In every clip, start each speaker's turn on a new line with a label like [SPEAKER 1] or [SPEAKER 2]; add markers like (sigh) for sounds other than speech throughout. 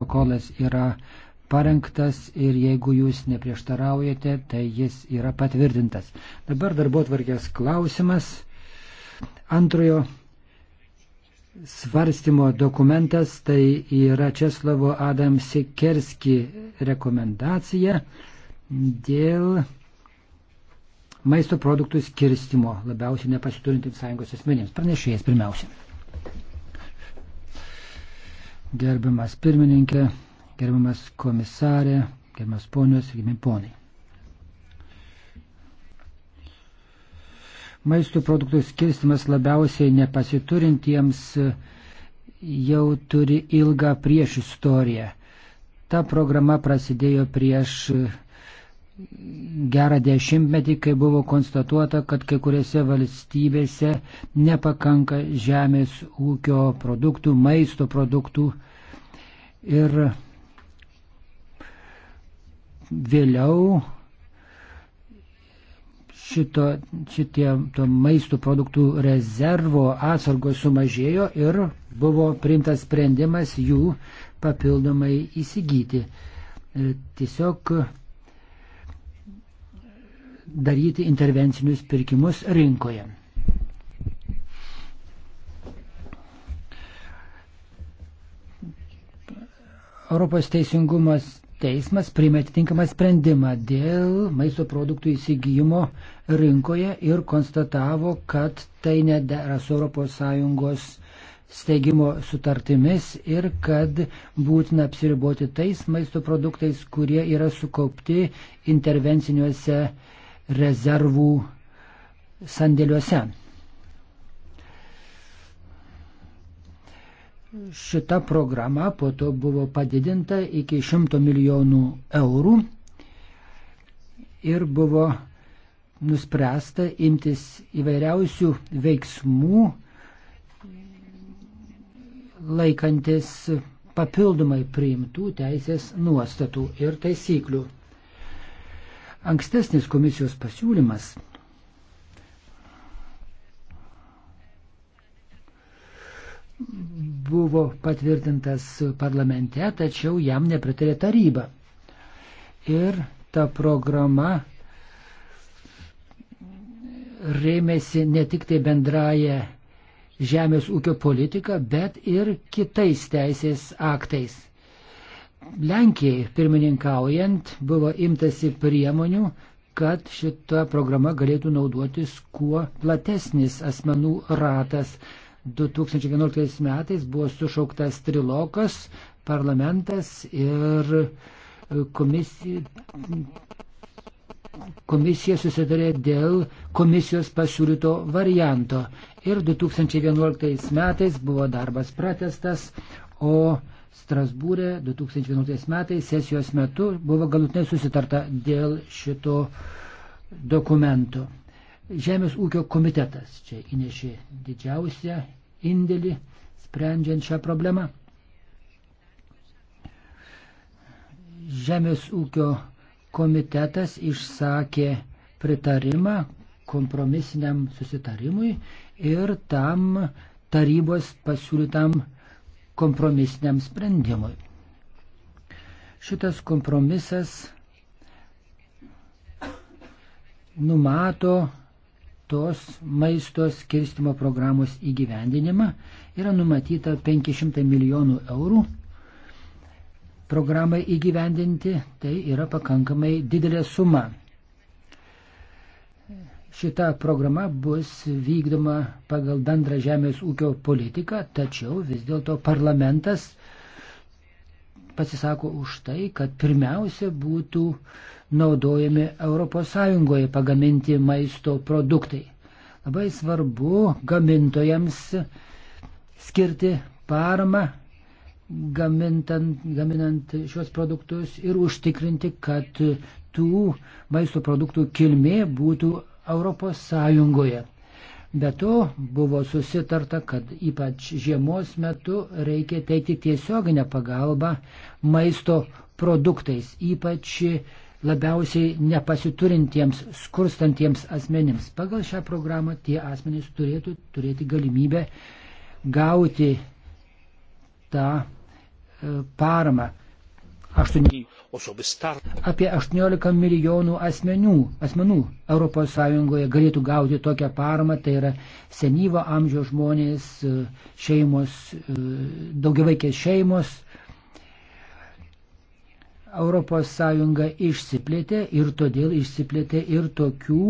[SPEAKER 1] protokolas yra parengtas ir jeigu jūs neprieštaraujate, tai jis yra patvirtintas. Dabar darbo tvarkės klausimas. Antrojo svarstymo dokumentas tai yra Česlavo Adam Sikerski rekomendacija dėl maisto produktų skirstimo labiausiai nepasiturintiems sąjungos asmenėms. Pranešėjas pirmiausia gerbiamas pirmininkė, gerbiamas komisarė, gerbiamas ponios, gerbiami ponai. Maisto produktų skirstimas labiausiai nepasiturintiems jau turi ilgą priešistoriją. Ta programa prasidėjo prieš gerą dešimtmetį, kai buvo konstatuota, kad kai kuriuose valstybėse nepakanka žemės ūkio produktų, maisto produktų. Ir vėliau šito, šitie to maisto produktų rezervo atsargos sumažėjo ir buvo priimtas sprendimas jų papildomai įsigyti. E, tiesiog daryti intervencinius pirkimus rinkoje. Europos teisingumas teismas priėmė atitinkamą sprendimą dėl maisto produktų įsigijimo rinkoje ir konstatavo, kad tai nedera su ES steigimo sutartimis ir kad būtina apsiriboti tais maisto produktais, kurie yra sukaupti intervenciniuose rezervų sandėliuose. Šita programa po to buvo padidinta iki 100 milijonų eurų ir buvo nuspręsta imtis įvairiausių veiksmų laikantis papildomai priimtų teisės nuostatų ir taisyklių. Ankstesnis komisijos pasiūlymas buvo patvirtintas parlamente, tačiau jam nepritarė taryba. Ir ta programa rėmėsi ne tik tai bendraja žemės ūkio politika, bet ir kitais teisės aktais. Lenkijai pirmininkaujant buvo imtasi priemonių, kad šita programa galėtų naudotis kuo platesnis asmenų ratas. 2011 metais buvo sušauktas trilokas, parlamentas ir komisija, komisija susidarė dėl komisijos pasiūlyto varianto. Ir 2011 metais buvo darbas pratestas, o Strasbūrė 2011 metais sesijos metu buvo galutinai susitarta dėl šito dokumento. Žemės ūkio komitetas čia įnešė didžiausią indėlį sprendžiant šią problemą. Žemės ūkio komitetas išsakė pritarimą kompromisiniam susitarimui ir tam tarybos pasiūlytam kompromisiniam sprendimui. Šitas kompromisas numato tos maisto skirstimo programos įgyvendinimą. Yra numatyta 500 milijonų eurų programai įgyvendinti. Tai yra pakankamai didelė suma. Šita programa bus vykdoma pagal bendrą žemės ūkio politiką, tačiau vis dėlto parlamentas pasisako už tai, kad pirmiausia būtų naudojami ES pagaminti maisto produktai. Labai svarbu gamintojams skirti paramą, gaminant šios produktus ir užtikrinti, kad tų maisto produktų kilmė būtų Europos Sąjungoje. Be to buvo susitarta, kad ypač žiemos metu reikia teikti tiesioginę pagalbą maisto produktais, ypač labiausiai nepasiturintiems, skurstantiems asmenims. Pagal šią programą tie asmenys turėtų turėti galimybę gauti tą e, paramą. 8, apie 18 milijonų asmenių, asmenų ES galėtų gauti tokią paramą, tai yra senyvo amžiaus žmonės, e, šeimos, e, daugiavaikės šeimos. ES išsiplėtė ir todėl išsiplėtė ir tokių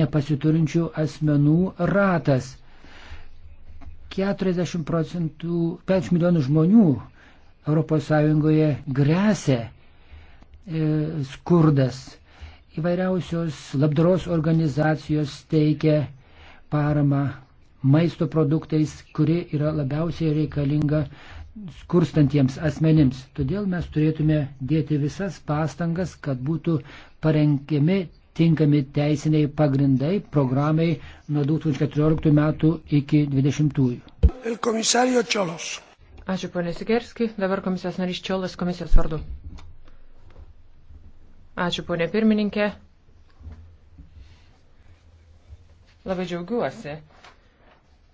[SPEAKER 1] nepasiturinčių asmenų ratas. 40 procentų, 5 milijonų žmonių ES grėsia e, skurdas. Įvairiausios labdaros organizacijos teikia paramą maisto produktais, kuri yra labiausiai reikalinga skurstantiems asmenims. Todėl mes turėtume dėti visas pastangas, kad būtų parengiami tinkami teisiniai pagrindai programai nuo 2014 metų iki 2020.
[SPEAKER 2] Ačiū, ponė Sikerski. Dabar komisijos narys Čiolas komisijos vardu. Ačiū, ponė pirmininkė. Labai džiaugiuosi,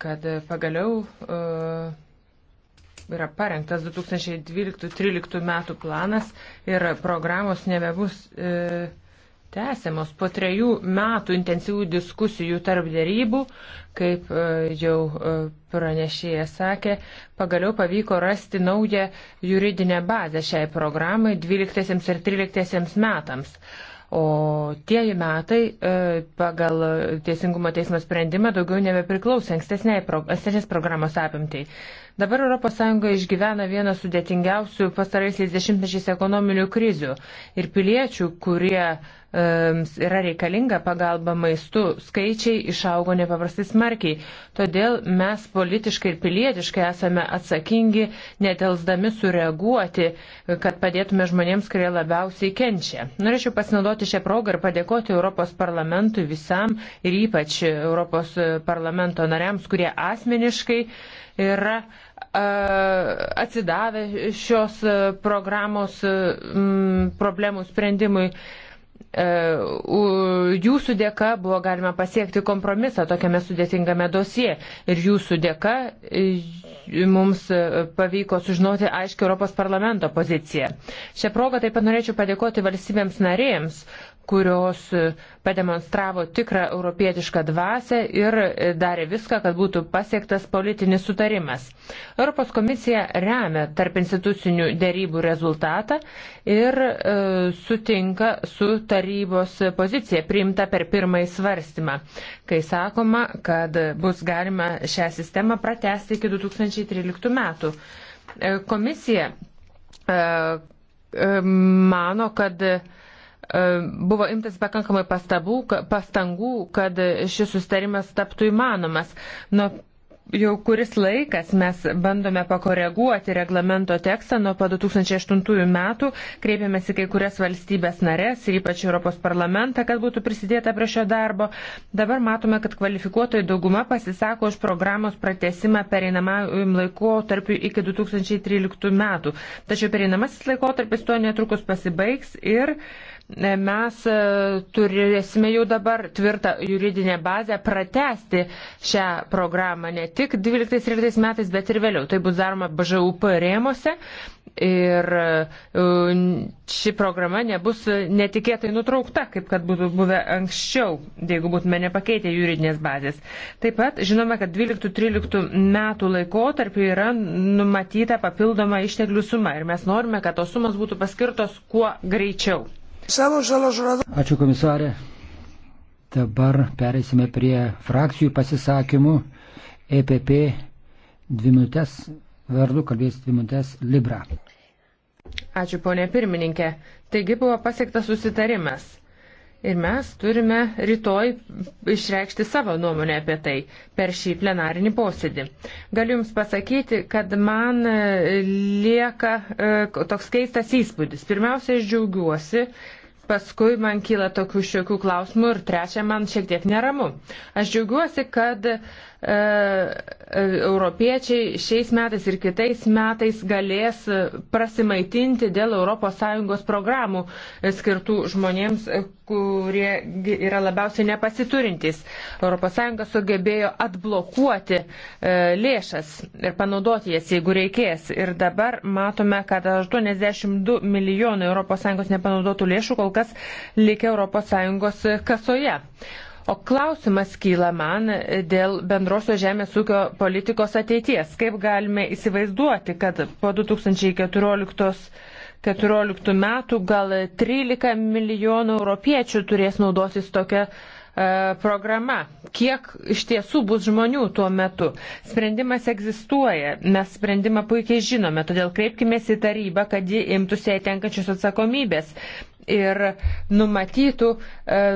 [SPEAKER 2] kad pagaliau uh, yra parengtas 2012-2013 metų planas ir programos nebebus. Uh, tęsiamos po trejų metų intensyvių diskusijų tarp dėrybų, kaip e, jau e, pranešėjas sakė, pagaliau pavyko rasti naują juridinę bazę šiai programai 12 ir 13 metams. O tie metai e, pagal Teisingumo teismo sprendimą daugiau nebepriklauso ankstesnės programos apimtai. Dabar ES išgyvena vieną sudėtingiausių pastaraisiais dešimtmečiais ekonominių krizių ir piliečių, kurie uh, yra reikalinga pagalba maistu, skaičiai išaugo nepaprastai smarkiai. Todėl mes politiškai ir pilietiškai esame atsakingi, netelsdami sureaguoti, kad padėtume žmonėms, kurie labiausiai kenčia. Norėčiau pasinaudoti šią progą ir padėkoti Europos parlamentui visam ir ypač Europos parlamento nariams, kurie asmeniškai yra e, atsidavę šios e, programos problemų sprendimui E, jūsų dėka buvo galima pasiekti kompromisą tokiame sudėtingame dosie ir jūsų dėka e, mums e, pavyko sužinoti aiškiai Europos parlamento poziciją. Šią progą taip pat norėčiau padėkoti valstybėms narėms, kurios e, pademonstravo tikrą europietišką dvasę ir e, darė viską, kad būtų pasiektas politinis sutarimas. Europos komisija remia tarp institucinių dėrybų rezultatą ir e, sutinka su tarybos pozicija priimta per pirmąjį svarstymą, kai sakoma, kad bus galima šią sistemą pratesti iki 2013 metų. E, komisija e, e mano, kad E, buvo imtas pakankamai pastabų, pastangų, kad šis sustarimas taptų įmanomas. Nuo jau kuris laikas mes bandome pakoreguoti reglamento tekstą nuo pat 2008 metų, kreipėmės į kai kurias valstybės narės ir ypač Europos parlamentą, kad būtų prisidėta prie šio darbo. Dabar matome, kad kvalifikuotojai dauguma pasisako už programos pratesimą pereinamajam laikotarpiu iki 2013 metų. Tačiau pereinamasis laikotarpis tuo netrukus pasibaigs ir uh, E, mes e, turėsime jau dabar tvirtą juridinę bazę pratesti šią programą ne tik 12-13 metais, bet ir vėliau. Tai bus daroma BŽUP rėmose ir e, ši programa nebus netikėtai nutraukta, kaip kad būtų buvę anksčiau, jeigu būtume nepakeitę juridinės bazės. Taip pat žinome, kad 12-13 metų laikotarpiu yra numatyta papildoma išteklių suma ir mes norime, kad tos sumos būtų paskirtos kuo greičiau.
[SPEAKER 1] Ačiū komisarė. Dabar pereisime prie frakcijų pasisakymų. EPP dvi minutės vardu kalbės dvi minutės Libra.
[SPEAKER 2] Ačiū ponė pirmininkė. Taigi buvo pasiektas susitarimas Ir mes turime rytoj išreikšti savo nuomonę apie tai per šį plenarinį posėdį. Galiu Jums pasakyti, kad man e, lieka e, toks keistas įspūdis. Pirmiausia, aš džiaugiuosi, paskui man kyla tokių šiokių klausimų ir trečia, man šiek tiek neramu. Aš džiaugiuosi, kad E, e, europiečiai šiais metais ir kitais metais galės prasimaitinti dėl ES programų skirtų žmonėms, kurie yra labiausiai nepasiturintys. ES sugebėjo atblokuoti e, lėšas ir panaudoti jas, jeigu reikės. Ir dabar matome, kad 82 milijonai ES nepanaudotų lėšų kol kas likę ES kasoje. O klausimas kyla man dėl bendrosios žemės ūkio politikos ateities. Kaip galime įsivaizduoti, kad po 2014 2014 metų gal 13 milijonų europiečių turės naudosis tokia e, programa. Kiek iš tiesų bus žmonių tuo metu? Sprendimas egzistuoja, mes sprendimą puikiai žinome, todėl kreipkime į tarybą, kad ji imtųsi tenkančios atsakomybės ir numatytų e,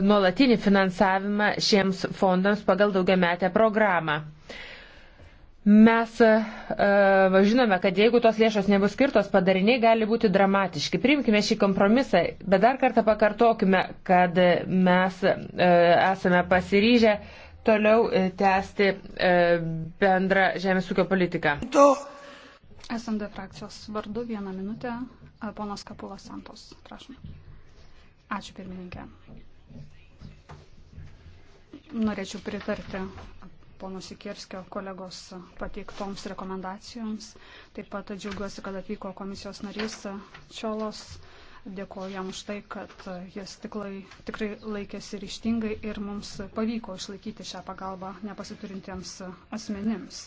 [SPEAKER 2] nuolatinį finansavimą šiems fondams pagal daugiametę programą. Mes e, e, žinome, kad jeigu tos lėšos nebus skirtos, padariniai gali būti dramatiški. Priimkime šį kompromisą, bet dar kartą pakartokime, kad mes e, esame pasiryžę toliau e, tęsti e, bendrą žemės ūkio politiką.
[SPEAKER 3] SND frakcijos vardu vieną minutę, ponas Kapulas Santos, prašom. Ačiū pirmininkė. Norėčiau pritarti pono Sikirskio kolegos pateiktoms rekomendacijoms. Taip pat džiaugiuosi, kad atvyko komisijos narys Čiolos. Dėkuoju jam už tai, kad jis tiklai, tikrai laikėsi ryštingai ir mums pavyko išlaikyti šią pagalbą nepasiturintiems asmenims.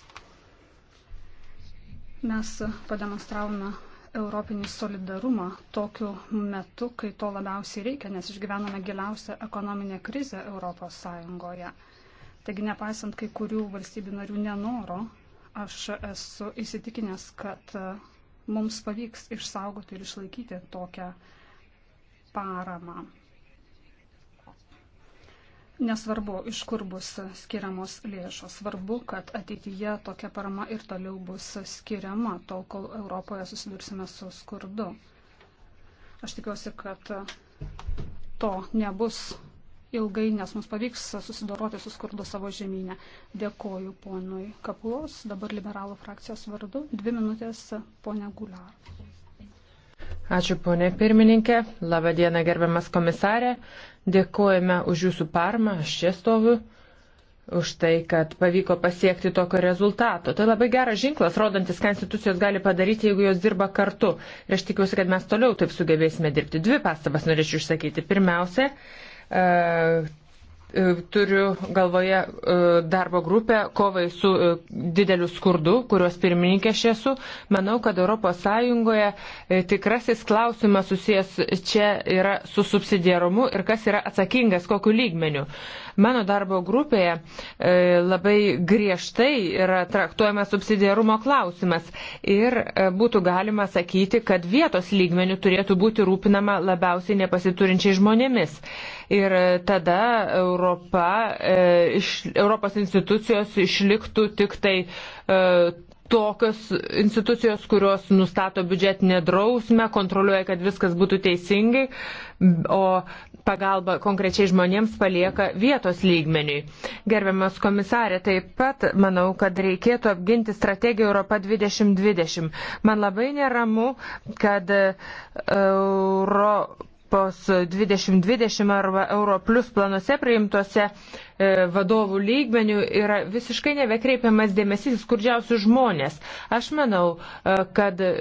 [SPEAKER 3] Mes pademonstravome europinį solidarumą tokiu metu, kai to labiausiai reikia, nes išgyvename giliausią ekonominę krizę ES. Taigi, nepaisant kai kurių valstybių narių nenoro, aš esu įsitikinęs, kad e, mums pavyks išsaugoti ir išlaikyti tokią paramą. Nesvarbu, iš kur bus skiriamos lėšos. Svarbu, kad ateityje tokia parama ir toliau bus skiriama, tol kol Europoje susidursime su skurdu. Aš tikiuosi, kad to nebus ilgai, nes mums pavyks susidoroti su skurdu savo žemynę. Dėkoju ponui Kapulos, dabar liberalų frakcijos vardu. Dvi minutės, ponia Gular.
[SPEAKER 2] Ačiū ponė pirmininkė, laba diena gerbiamas komisarė. Dėkojame už jūsų parmą, aš čia stoviu, už tai, kad pavyko pasiekti tokio rezultato. Tai labai geras žinklas, rodantis, ką institucijos gali padaryti, jeigu jos dirba kartu. Ir aš tikiuosi, kad mes toliau taip sugebėsime dirbti. Dvi pastabas norėčiau išsakyti. Pirmiausia, e, E, turiu galvoje e, darbo grupę kovai su e, dideliu skurdu, kurios pirmininkė aš esu. Manau, kad ES tikrasis klausimas susijęs čia yra su subsidiarumu ir kas yra atsakingas, kokiu lygmeniu. Mano darbo grupėje e, labai griežtai yra traktuojamas subsidiarumo klausimas ir e, būtų galima sakyti, kad vietos lygmenių turėtų būti rūpinama labiausiai nepasiturinčiai žmonėmis. Ir e, tada Europa, Europos institucijos išliktų tik tai tokios institucijos, kurios nustato biudžetinę drausmę, kontroliuoja, kad viskas būtų teisingai, o pagalba konkrečiai žmonėms palieka vietos lygmeniui. Gerbiamas komisarė, taip pat manau, kad reikėtų apginti strategiją Europa 2020. Man labai neramu, kad Europos 2020 arba Euro plus planuose priimtose E, vadovų lygmenių yra visiškai nevekreipiamas dėmesys skurdžiausių žmonės. Aš manau, e, kad e,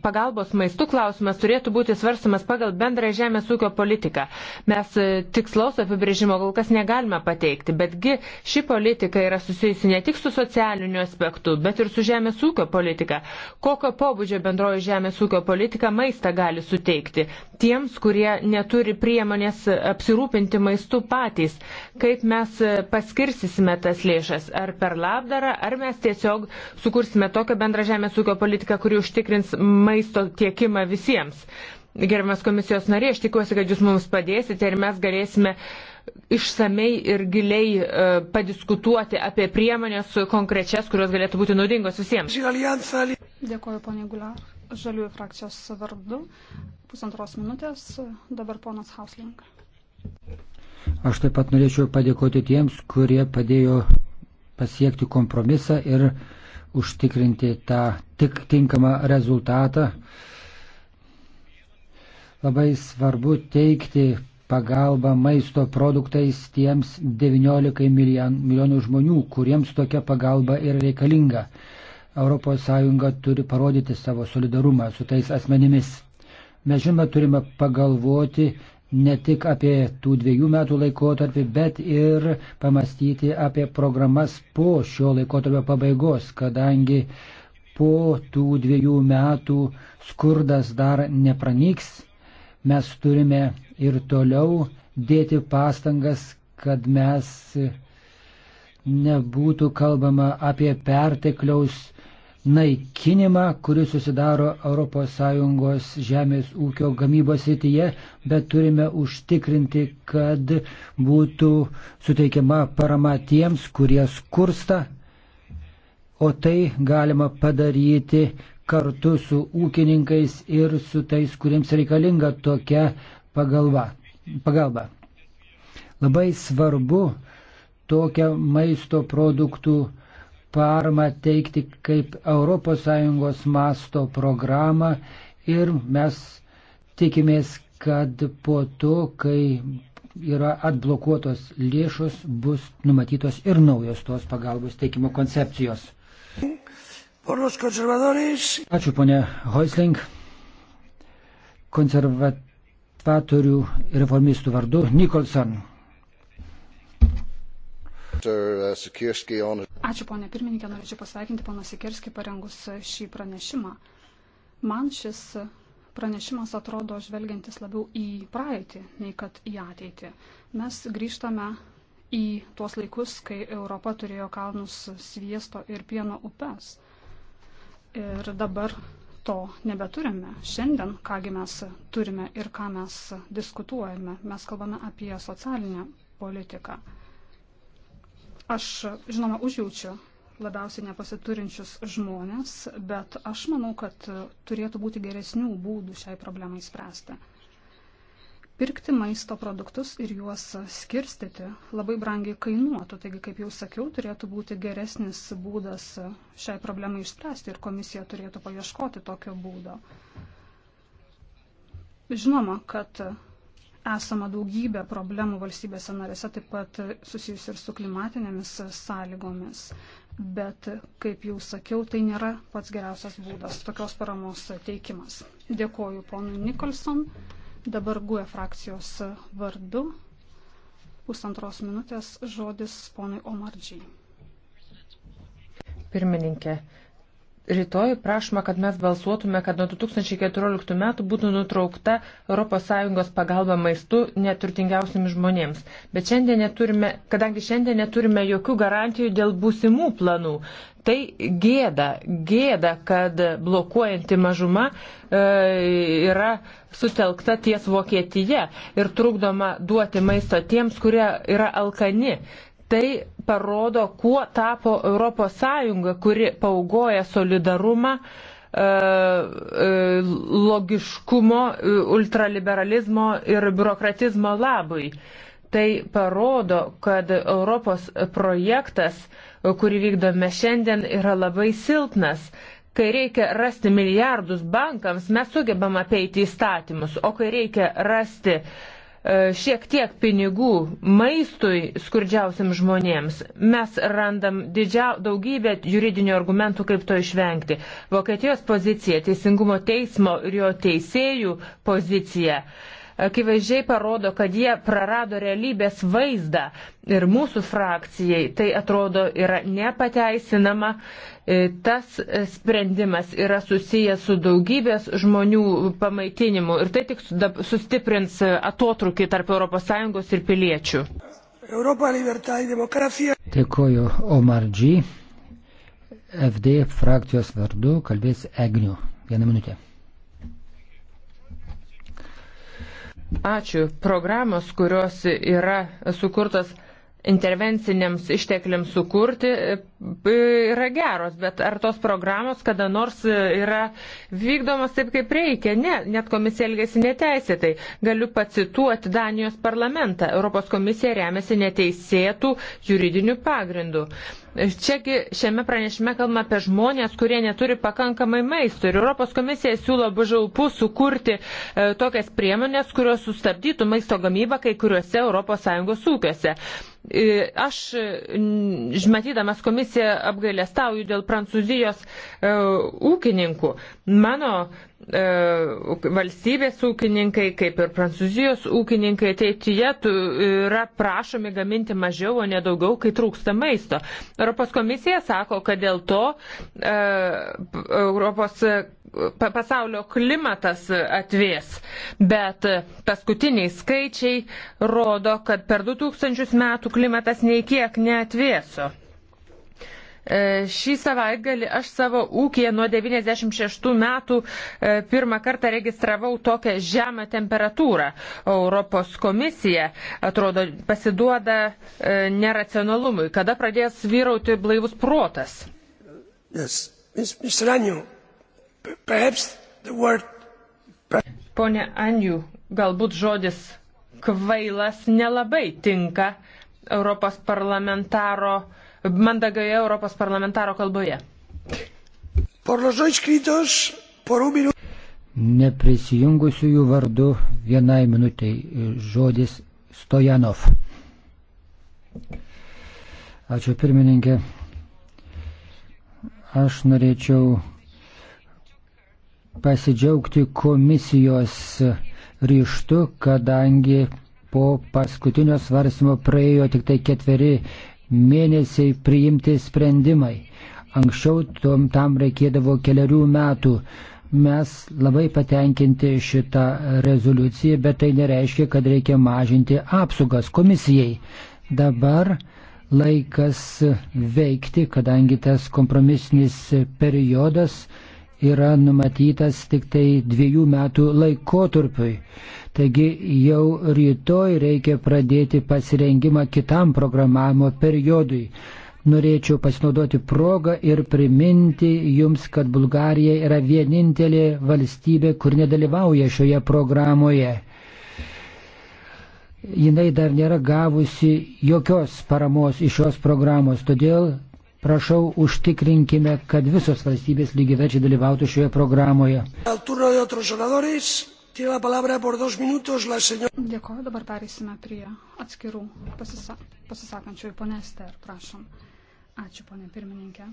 [SPEAKER 2] pagalbos maistų klausimas turėtų būti svarstamas pagal bendrą žemės ūkio politiką. Mes tikslaus apibrėžimo kol kas negalime pateikti, betgi ši politika yra susijusi ne tik su socialiniu aspektu, bet ir su žemės ūkio politika. Kokio pobūdžio bendroji žemės ūkio politika maistą gali suteikti tiems, kurie neturi priemonės apsirūpinti maistu patys. Kaip mes mes paskirsime tas lėšas, ar per labdarą, ar mes tiesiog sukursime tokią bendrą žemės ūkio politiką, kuri užtikrins maisto tiekimą visiems. Gerbiamas komisijos narė, aš tikiuosi, kad jūs mums padėsite ir mes galėsime išsamei ir giliai e, padiskutuoti apie priemonės konkrečias, kurios galėtų būti
[SPEAKER 3] naudingos visiems. Dėkuoju, ponė Gular. Žaliųjų frakcijos vardu. Pusantros minutės. Dabar ponas Hausling.
[SPEAKER 1] Aš taip pat norėčiau padėkoti tiems, kurie padėjo pasiekti kompromisą ir užtikrinti tą tik tinkamą rezultatą. Labai svarbu teikti pagalbą maisto produktais tiems 19 milijonų žmonių, kuriems tokia pagalba yra reikalinga. ES turi parodyti savo solidarumą su tais asmenimis. Mes žinoma turime pagalvoti ne tik apie tų dviejų metų laikotarpį, bet ir pamastyti apie programas po šio laikotarpio pabaigos, kadangi po tų dviejų metų skurdas dar nepranyks, mes turime ir toliau dėti pastangas, kad mes nebūtų kalbama apie pertekliaus naikinimą, kuris susidaro ES žemės ūkio gamybos rytyje, bet turime užtikrinti, kad būtų suteikiama parama tiems, kurie skursta, o tai galima padaryti kartu su ūkininkais ir su tais, kuriems reikalinga tokia pagalba. pagalba. Labai svarbu tokią maisto produktų paramą teikti kaip ES masto programą ir mes tikimės, kad po to, kai yra atblokuotos lėšos, bus numatytos ir naujos tos pagalbos teikimo koncepcijos. Ačiū, ponė Hoisling. Konservatorių reformistų vardu Nikolson.
[SPEAKER 2] Ačiū
[SPEAKER 3] ponė pirmininkė, norėčiau pasveikinti poną Sikirskį parengus šį pranešimą. Man šis pranešimas atrodo žvelgiantis labiau į praeitį, nei kad į ateitį. Mes grįžtame į tuos laikus, kai Europa turėjo kalnus sviesto ir pieno upes. Ir dabar to nebeturime. Šiandien, kągi mes turime ir ką mes diskutuojame, mes kalbame apie socialinę politiką. Aš, žinoma, užjaučiu labiausiai nepasiturinčius žmonės, bet aš manau, kad turėtų būti geresnių būdų šiai problemai spręsti. Pirkti maisto produktus ir juos skirstyti labai brangiai kainuotų, taigi, kaip jau sakiau, turėtų būti geresnis būdas šiai problemai išspręsti ir komisija turėtų paieškoti tokio būdo. Žinoma, kad esama daugybė problemų valstybėse narėse, taip pat susijusi ir su klimatinėmis sąlygomis. Bet, kaip jau sakiau, tai nėra pats geriausias būdas tokios paramos teikimas. Dėkoju ponui Nikolson, dabar GUE frakcijos vardu. Pusantros minutės žodis ponui Omardžiai.
[SPEAKER 2] Pirmininkė, Rytoj prašoma, kad mes balsuotume, kad nuo 2014 metų būtų nutraukta ES pagalba maistu neturtingiausiams žmonėms. Bet šiandien neturime, kadangi šiandien neturime jokių garantijų dėl būsimų planų, tai gėda, gėda, kad blokuojanti mažuma e, yra sutelkta ties Vokietija ir trukdoma duoti maisto tiems, kurie yra alkani. Tai parodo, kuo tapo ES, kuri paugoja solidarumą, e, e, logiškumo, e, ultraliberalizmo ir biurokratizmo labui. Tai parodo, kad Europos projektas, kurį vykdome šiandien, yra labai silpnas kai reikia rasti milijardus bankams, mes sugebam apeiti įstatymus, o kai reikia rasti uh, E, šiek tiek pinigų maistui skurdžiausiam žmonėms, mes randam didžia, daugybę juridinių argumentų, kaip to išvengti. Vokietijos pozicija, teisingumo teismo ir jo teisėjų pozicija. Uh, akivaizdžiai parodo, kad jie prarado realybės vaizdą ir mūsų frakcijai tai atrodo yra nepateisinama. E, tas sprendimas yra susijęs su daugybės žmonių pamaitinimu ir tai tik sustiprins atotrukį tarp ES ir piliečių.
[SPEAKER 4] Europa, e
[SPEAKER 1] Dėkoju Omar G. FD frakcijos vardu kalbės Egniu. Vieną minutę.
[SPEAKER 2] Ačiū. Programos, kurios yra sukurtos intervenciniams ištekliams sukurti, yra geros, bet ar tos programos kada nors yra vykdomas taip, kaip reikia? Ne, net komisija elgesi neteisėtai. Galiu pacituoti Danijos parlamentą. Europos komisija remiasi neteisėtų juridinių pagrindų. Čiagi šiame pranešime kalbame apie žmonės, kurie neturi pakankamai maisto. Ir Europos komisija siūlo bažaupų sukurti e, tokias priemonės, kurios sustabdytų maisto gamybą kai kuriuose ES ūkiuose. E, aš, matydamas komisiją, komisija apgailestauju dėl prancūzijos e, ūkininkų. Mano e, valstybės ūkininkai, kaip ir prancūzijos ūkininkai, ateityje yra prašomi gaminti mažiau, o ne daugiau, kai trūksta maisto. Europos komisija sako, kad dėl to e, Europos e, pasaulio klimatas atvės, bet paskutiniai skaičiai rodo, kad per 2000 metų klimatas nei kiek neatvėso. E, šį savaitgalį aš savo ūkiją nuo 96 metų e, pirmą kartą registravau tokią žemą temperatūrą. Europos komisija, atrodo, pasiduoda e, neracionalumui. Kada pradės vyrauti blaivus protas? Yes. Mr. Anju, perhaps the word. Pone Anju, galbūt žodis kvailas nelabai tinka Europos parlamentaro uh, mandagioje Europos parlamentaro kalboje.
[SPEAKER 1] Neprisijungusiųjų vardu vienai minutiai e, žodis Stojanov. Ačiū pirmininkė. Aš norėčiau pasidžiaugti komisijos ryštu, kadangi po paskutinio svarstymo praėjo tik tai ketveri mėnesiai priimti sprendimai. Anksčiau tom, tam reikėdavo keliarių metų. Mes labai patenkinti šitą rezoliuciją, bet tai nereiškia, kad reikia mažinti apsaugas komisijai. Dabar laikas veikti, kadangi tas kompromisinis periodas yra numatytas tik tai dviejų metų laikotarpiui. Taigi jau rytoj reikia pradėti pasirengimą kitam programavimo periodui. Norėčiau pasinaudoti progą ir priminti jums, kad Bulgarija yra vienintelė valstybė, kur nedalyvauja šioje programoje. Jinai dar nėra gavusi jokios paramos iš šios programos, todėl Prašau, užtikrinkime, kad visos valstybės lygiverčiai dalyvautų šioje programoje.
[SPEAKER 3] Dėkoju, dabar perėsime prie atskirų pasisa pasisakančiųjų. Pone Ester, prašom. Ačiū, ponė pirmininkė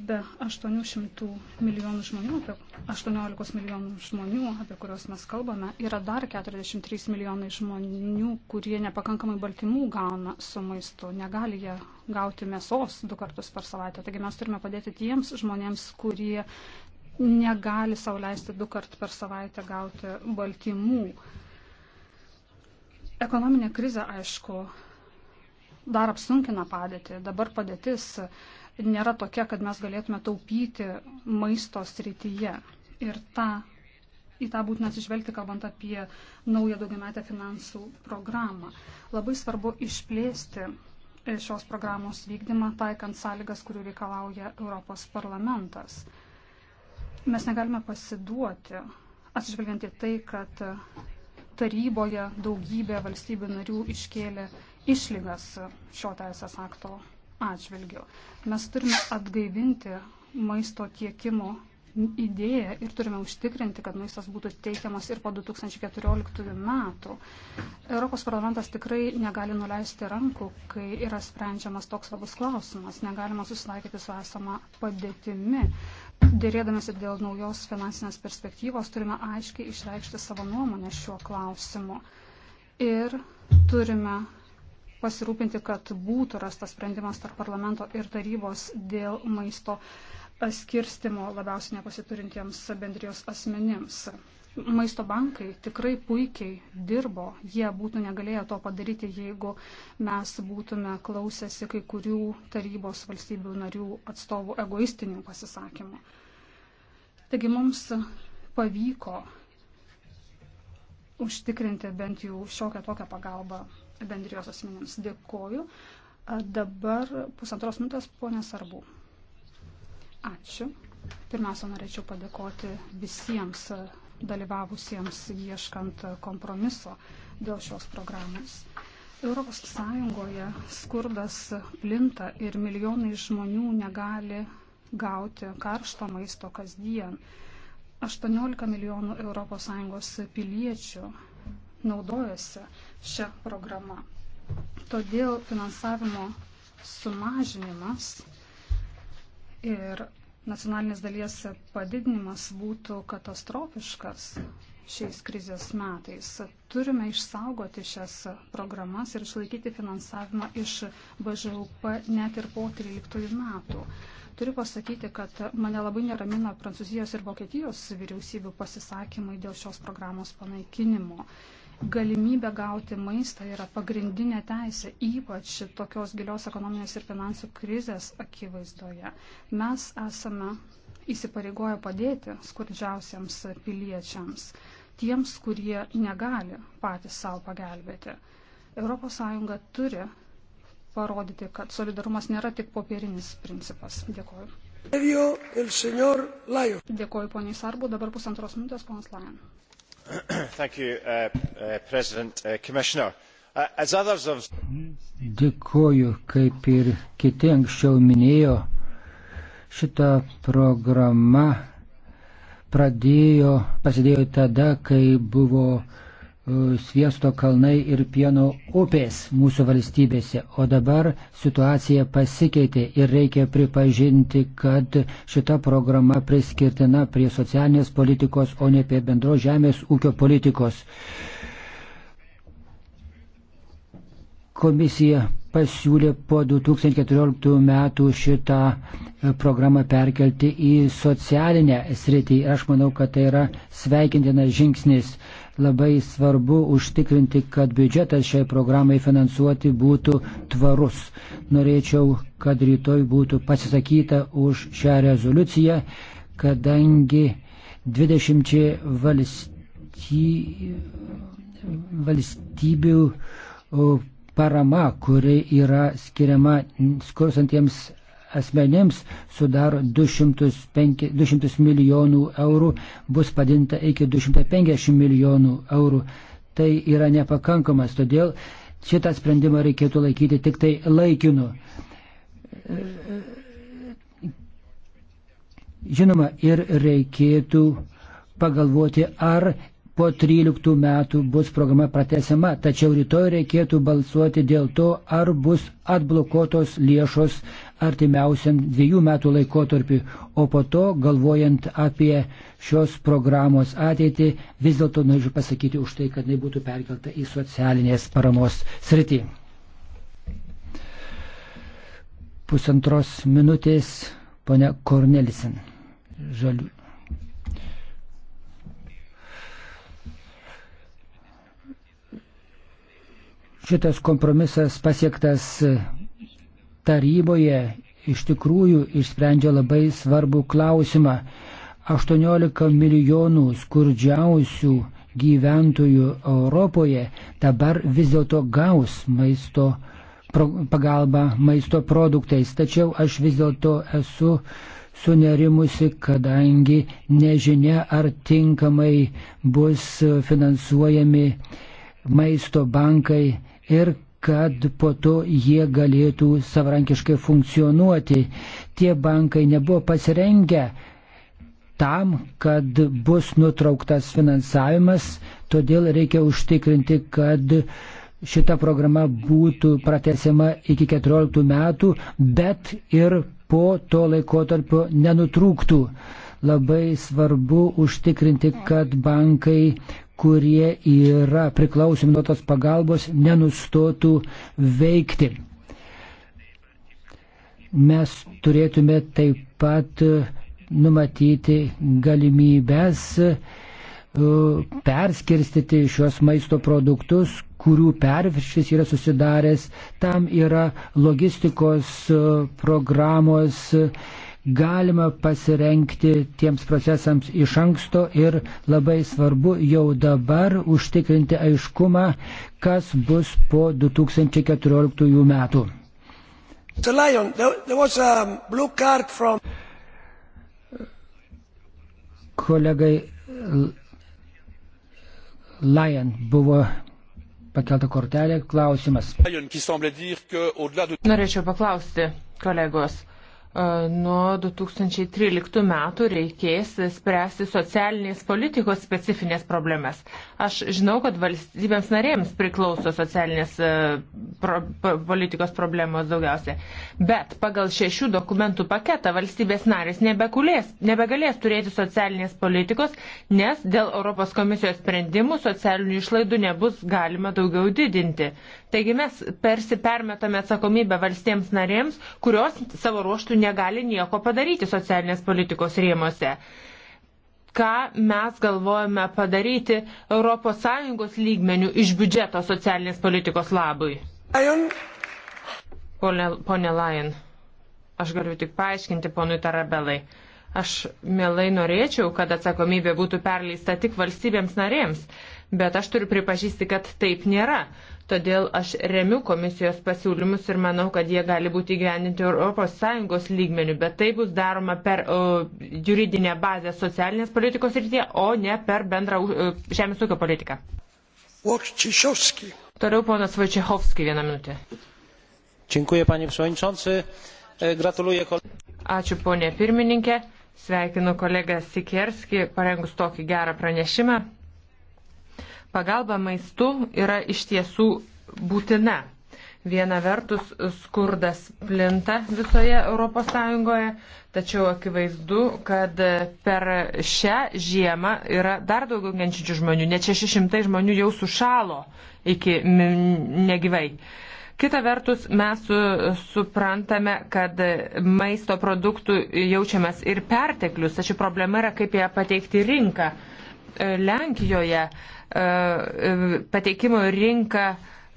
[SPEAKER 3] be 800 milijonų žmonių, apie 18 milijonų žmonių, apie kuriuos mes kalbame, yra dar 43 milijonai žmonių, kurie nepakankamai baltymų gauna su maistu, negali jie gauti mėsos du kartus per savaitę. Taigi mes turime padėti tiems žmonėms, kurie negali sauliaisti du kart per savaitę gauti baltymų. Ekonominė krize, aišku, dar apsunkina padėtį. Dabar padėtis nėra tokia, kad mes galėtume taupyti maisto srityje. Ir tą, į tą būtina atsižvelgti, kalbant apie naują daugiametę finansų programą. Labai svarbu išplėsti šios programos vykdymą, taikant sąlygas, kurių reikalauja Europos parlamentas. Mes negalime pasiduoti, atsižvelgiant į tai, kad taryboje daugybė valstybių narių iškėlė išlygas šio teisės akto atžvilgiu. Mes turime atgaivinti maisto tiekimo idėją ir turime užtikrinti, kad maistas būtų teikiamas ir po 2014 metų. Europos parlamentas tikrai negali nuleisti rankų, kai yra sprendžiamas toks svarbus klausimas. Negalima susilaikyti su esama padėtimi. Dėrėdamėsi dėl naujos finansinės perspektyvos turime aiškiai išreikšti savo nuomonę šiuo klausimu. Ir turime pasirūpinti, kad būtų rastas sprendimas tarp parlamento ir tarybos dėl maisto skirstimo labiausiai nepasiturintiems bendrijos asmenims. Maisto bankai tikrai puikiai dirbo, jie būtų negalėję to padaryti, jeigu mes būtume klausęsi kai kurių tarybos valstybių narių atstovų egoistinių pasisakymų. Taigi mums pavyko užtikrinti bent jau šiokią tokią pagalbą bendrijos asmenims. Dėkoju. Dabar pusantros minutės ponė Sarbu. Ačiū. Pirmiausia, norėčiau padėkoti visiems dalyvavusiems ieškant kompromiso dėl šios programos. Europos Sąjungoje skurdas plinta ir milijonai žmonių negali gauti karšto maisto kasdien. 18 milijonų ES piliečių naudojasi šią programą. Todėl finansavimo sumažinimas ir nacionalinės dalies padidinimas būtų katastrofiškas šiais krizės metais. Turime išsaugoti šias programas ir išlaikyti finansavimą iš BŽUP net ir po 13 metų. Turiu pasakyti, kad mane labai neramina Prancūzijos ir Vokietijos vyriausybių pasisakymai dėl šios programos panaikinimo galimybė gauti maistą yra pagrindinė teisė, ypač tokios gilios ekonominės ir finansų krizės akivaizdoje. Mes esame įsipareigoję padėti skurdžiausiems piliečiams, tiems, kurie negali patys savo pagelbėti. ES turi parodyti, kad solidarumas nėra tik popierinis principas. Dėkuoju. Dėkuoju poniai Sarbu, dabar pusantros minutės
[SPEAKER 4] ponas Lajan. (clears throat) Uh, uh, uh,
[SPEAKER 1] Dėkuoju, kaip ir kiti anksčiau minėjo, šita programa pradėjo, pasidėjo tada, kai buvo E, sviesto kalnai ir pieno upės mūsų valstybėse. O dabar situacija pasikeitė ir reikia pripažinti, kad šita programa priskirtina prie socialinės politikos, o ne prie bendro žemės ūkio politikos. Komisija pasiūlė po 2014 metų šitą e, programą perkelti į socialinę sritį. Aš manau, kad tai yra sveikintinas žingsnis. Labai svarbu užtikrinti, kad biudžetas šiai programai finansuoti būtų tvarus. Norėčiau, kad rytoj būtų pasisakyta už šią rezoliuciją, kadangi 20 valsty... valstybių parama, kuri yra skiriama skursantiems asmenėms sudaro 205, 200 milijonų eurų, bus padinta iki 250 milijonų eurų. Tai yra nepakankamas, todėl šitą sprendimą reikėtų laikyti tik tai laikinu. Žinoma, ir reikėtų pagalvoti, ar po 13 metų bus programa pratesiama, tačiau rytoj reikėtų balsuoti dėl to, ar bus atblokuotos lėšos artimiausiam dviejų metų laikotarpiu, o po to, galvojant apie šios programos ateitį, vis dėlto noriu pasakyti už tai, kad tai būtų perkelta į socialinės paramos sritį. Pusantros minutės, ponia Kornelisen, žaliu. šitas kompromisas pasiektas taryboje iš tikrųjų išsprendžia labai svarbų klausimą. 18 milijonų skurdžiausių gyventojų Europoje dabar vis dėlto gaus maisto pagalbą maisto produktais. Tačiau aš vis dėlto esu sunerimusi, kadangi nežinia, ar tinkamai bus finansuojami maisto bankai ir kad po to jie galėtų savarankiškai funkcionuoti. Tie bankai nebuvo pasirengę tam, kad bus nutrauktas finansavimas, todėl reikia užtikrinti, kad šita programa būtų pratesiama iki 14 metų, bet ir po to laikotarpio nenutrūktų. Labai svarbu užtikrinti, kad bankai kurie yra priklausomi nuo tos pagalbos, nenustotų veikti. Mes turėtume taip pat e, numatyti galimybės e, perskirstyti šios maisto produktus, kurių perviršis yra susidaręs, tam yra logistikos e, programos, galima pasirenkti tiems procesams iš anksto ir labai svarbu jau dabar užtikrinti aiškumą, kas bus po 2014 metų. Lion, there, there from... Kolegai Lion buvo pakelta kortelė, klausimas.
[SPEAKER 2] Norėčiau paklausti kolegos E, nuo 2013 metų reikės spręsti socialinės politikos specifinės problemas. Aš žinau, kad valstybėms narėms priklauso socialinės e, pro, politikos problemos daugiausia. Bet pagal šešių dokumentų paketą valstybės narės nebekulės, nebegalės turėti socialinės politikos, nes dėl Europos komisijos sprendimų socialinių išlaidų nebus galima daugiau didinti. Taigi mes persi permetame atsakomybę valstybėms narėms, kurios savo ruoštų negali nieko padaryti socialinės politikos rėmose ką mes galvojame padaryti ES lygmenių iš biudžeto socialinės politikos labui. Pone, pone Lajan, aš galiu tik paaiškinti ponui Tarabelai. Aš mielai norėčiau, kad atsakomybė būtų perleista tik valstybėms narėms, bet aš turiu pripažįsti, kad taip nėra. Todėl aš remiu komisijos pasiūlymus ir manau, kad jie gali būti įgyvendinti ES lygmenių, bet tai bus daroma per o, juridinę bazę socialinės politikos rytyje, o ne per bendrą o, e, žemės ūkio politiką. Vokčišovski. Toliau ponas Vačiachovski vieną minutę.
[SPEAKER 1] Dziękuję, panie przewodniczący. E, gratuluję.
[SPEAKER 2] Ačiū, ponė pirmininkė. Sveikinu kolegą Sikerski, parengus tokį gerą pranešimą. Pagalba maistu yra iš tiesų būtina. Viena vertus skurdas plinta visoje ES, tačiau akivaizdu, kad per šią žiemą yra dar daugiau kenčiančių žmonių, net 600 žmonių jau sušalo iki negyvai. Kita vertus, mes su, suprantame, kad maisto produktų jaučiamas ir perteklius, tačiau problema yra, kaip ją pateikti rinką. Lenkijoje E, pateikimo rinką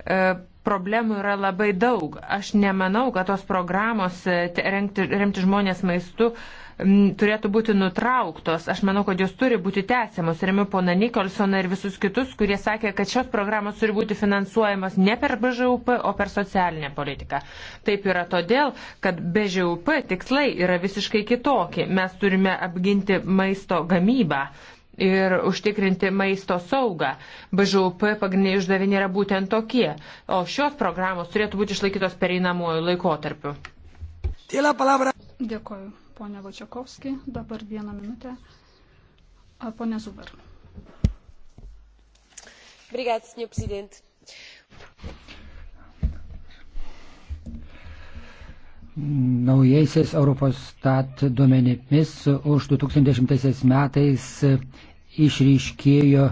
[SPEAKER 2] e, problemų yra labai daug. Aš nemanau, kad tos programos e, remti, remti žmonės maistu turėtų būti nutrauktos. Aš manau, kad jos turi būti tęsiamos. Remiu pona Nikolsoną ir visus kitus, kurie sakė, kad šios programos turi būti finansuojamos ne per BŽUP, o per socialinę politiką. Taip yra todėl, kad BŽUP tikslai yra visiškai kitokie. Mes turime apginti maisto gamybą ir užtikrinti maisto saugą. BŽUP pagrindiniai uždaviniai yra būtent tokie, o šios programos turėtų būti išlaikytos pereinamuoju laikotarpiu.
[SPEAKER 3] Dėkoju, ponia Vačiakovski. Dabar vieną minutę. Pone Zuber.
[SPEAKER 1] Obrigada, senhor presidente. naujaisiais Europostat duomenimis už 2010 metais išryškėjo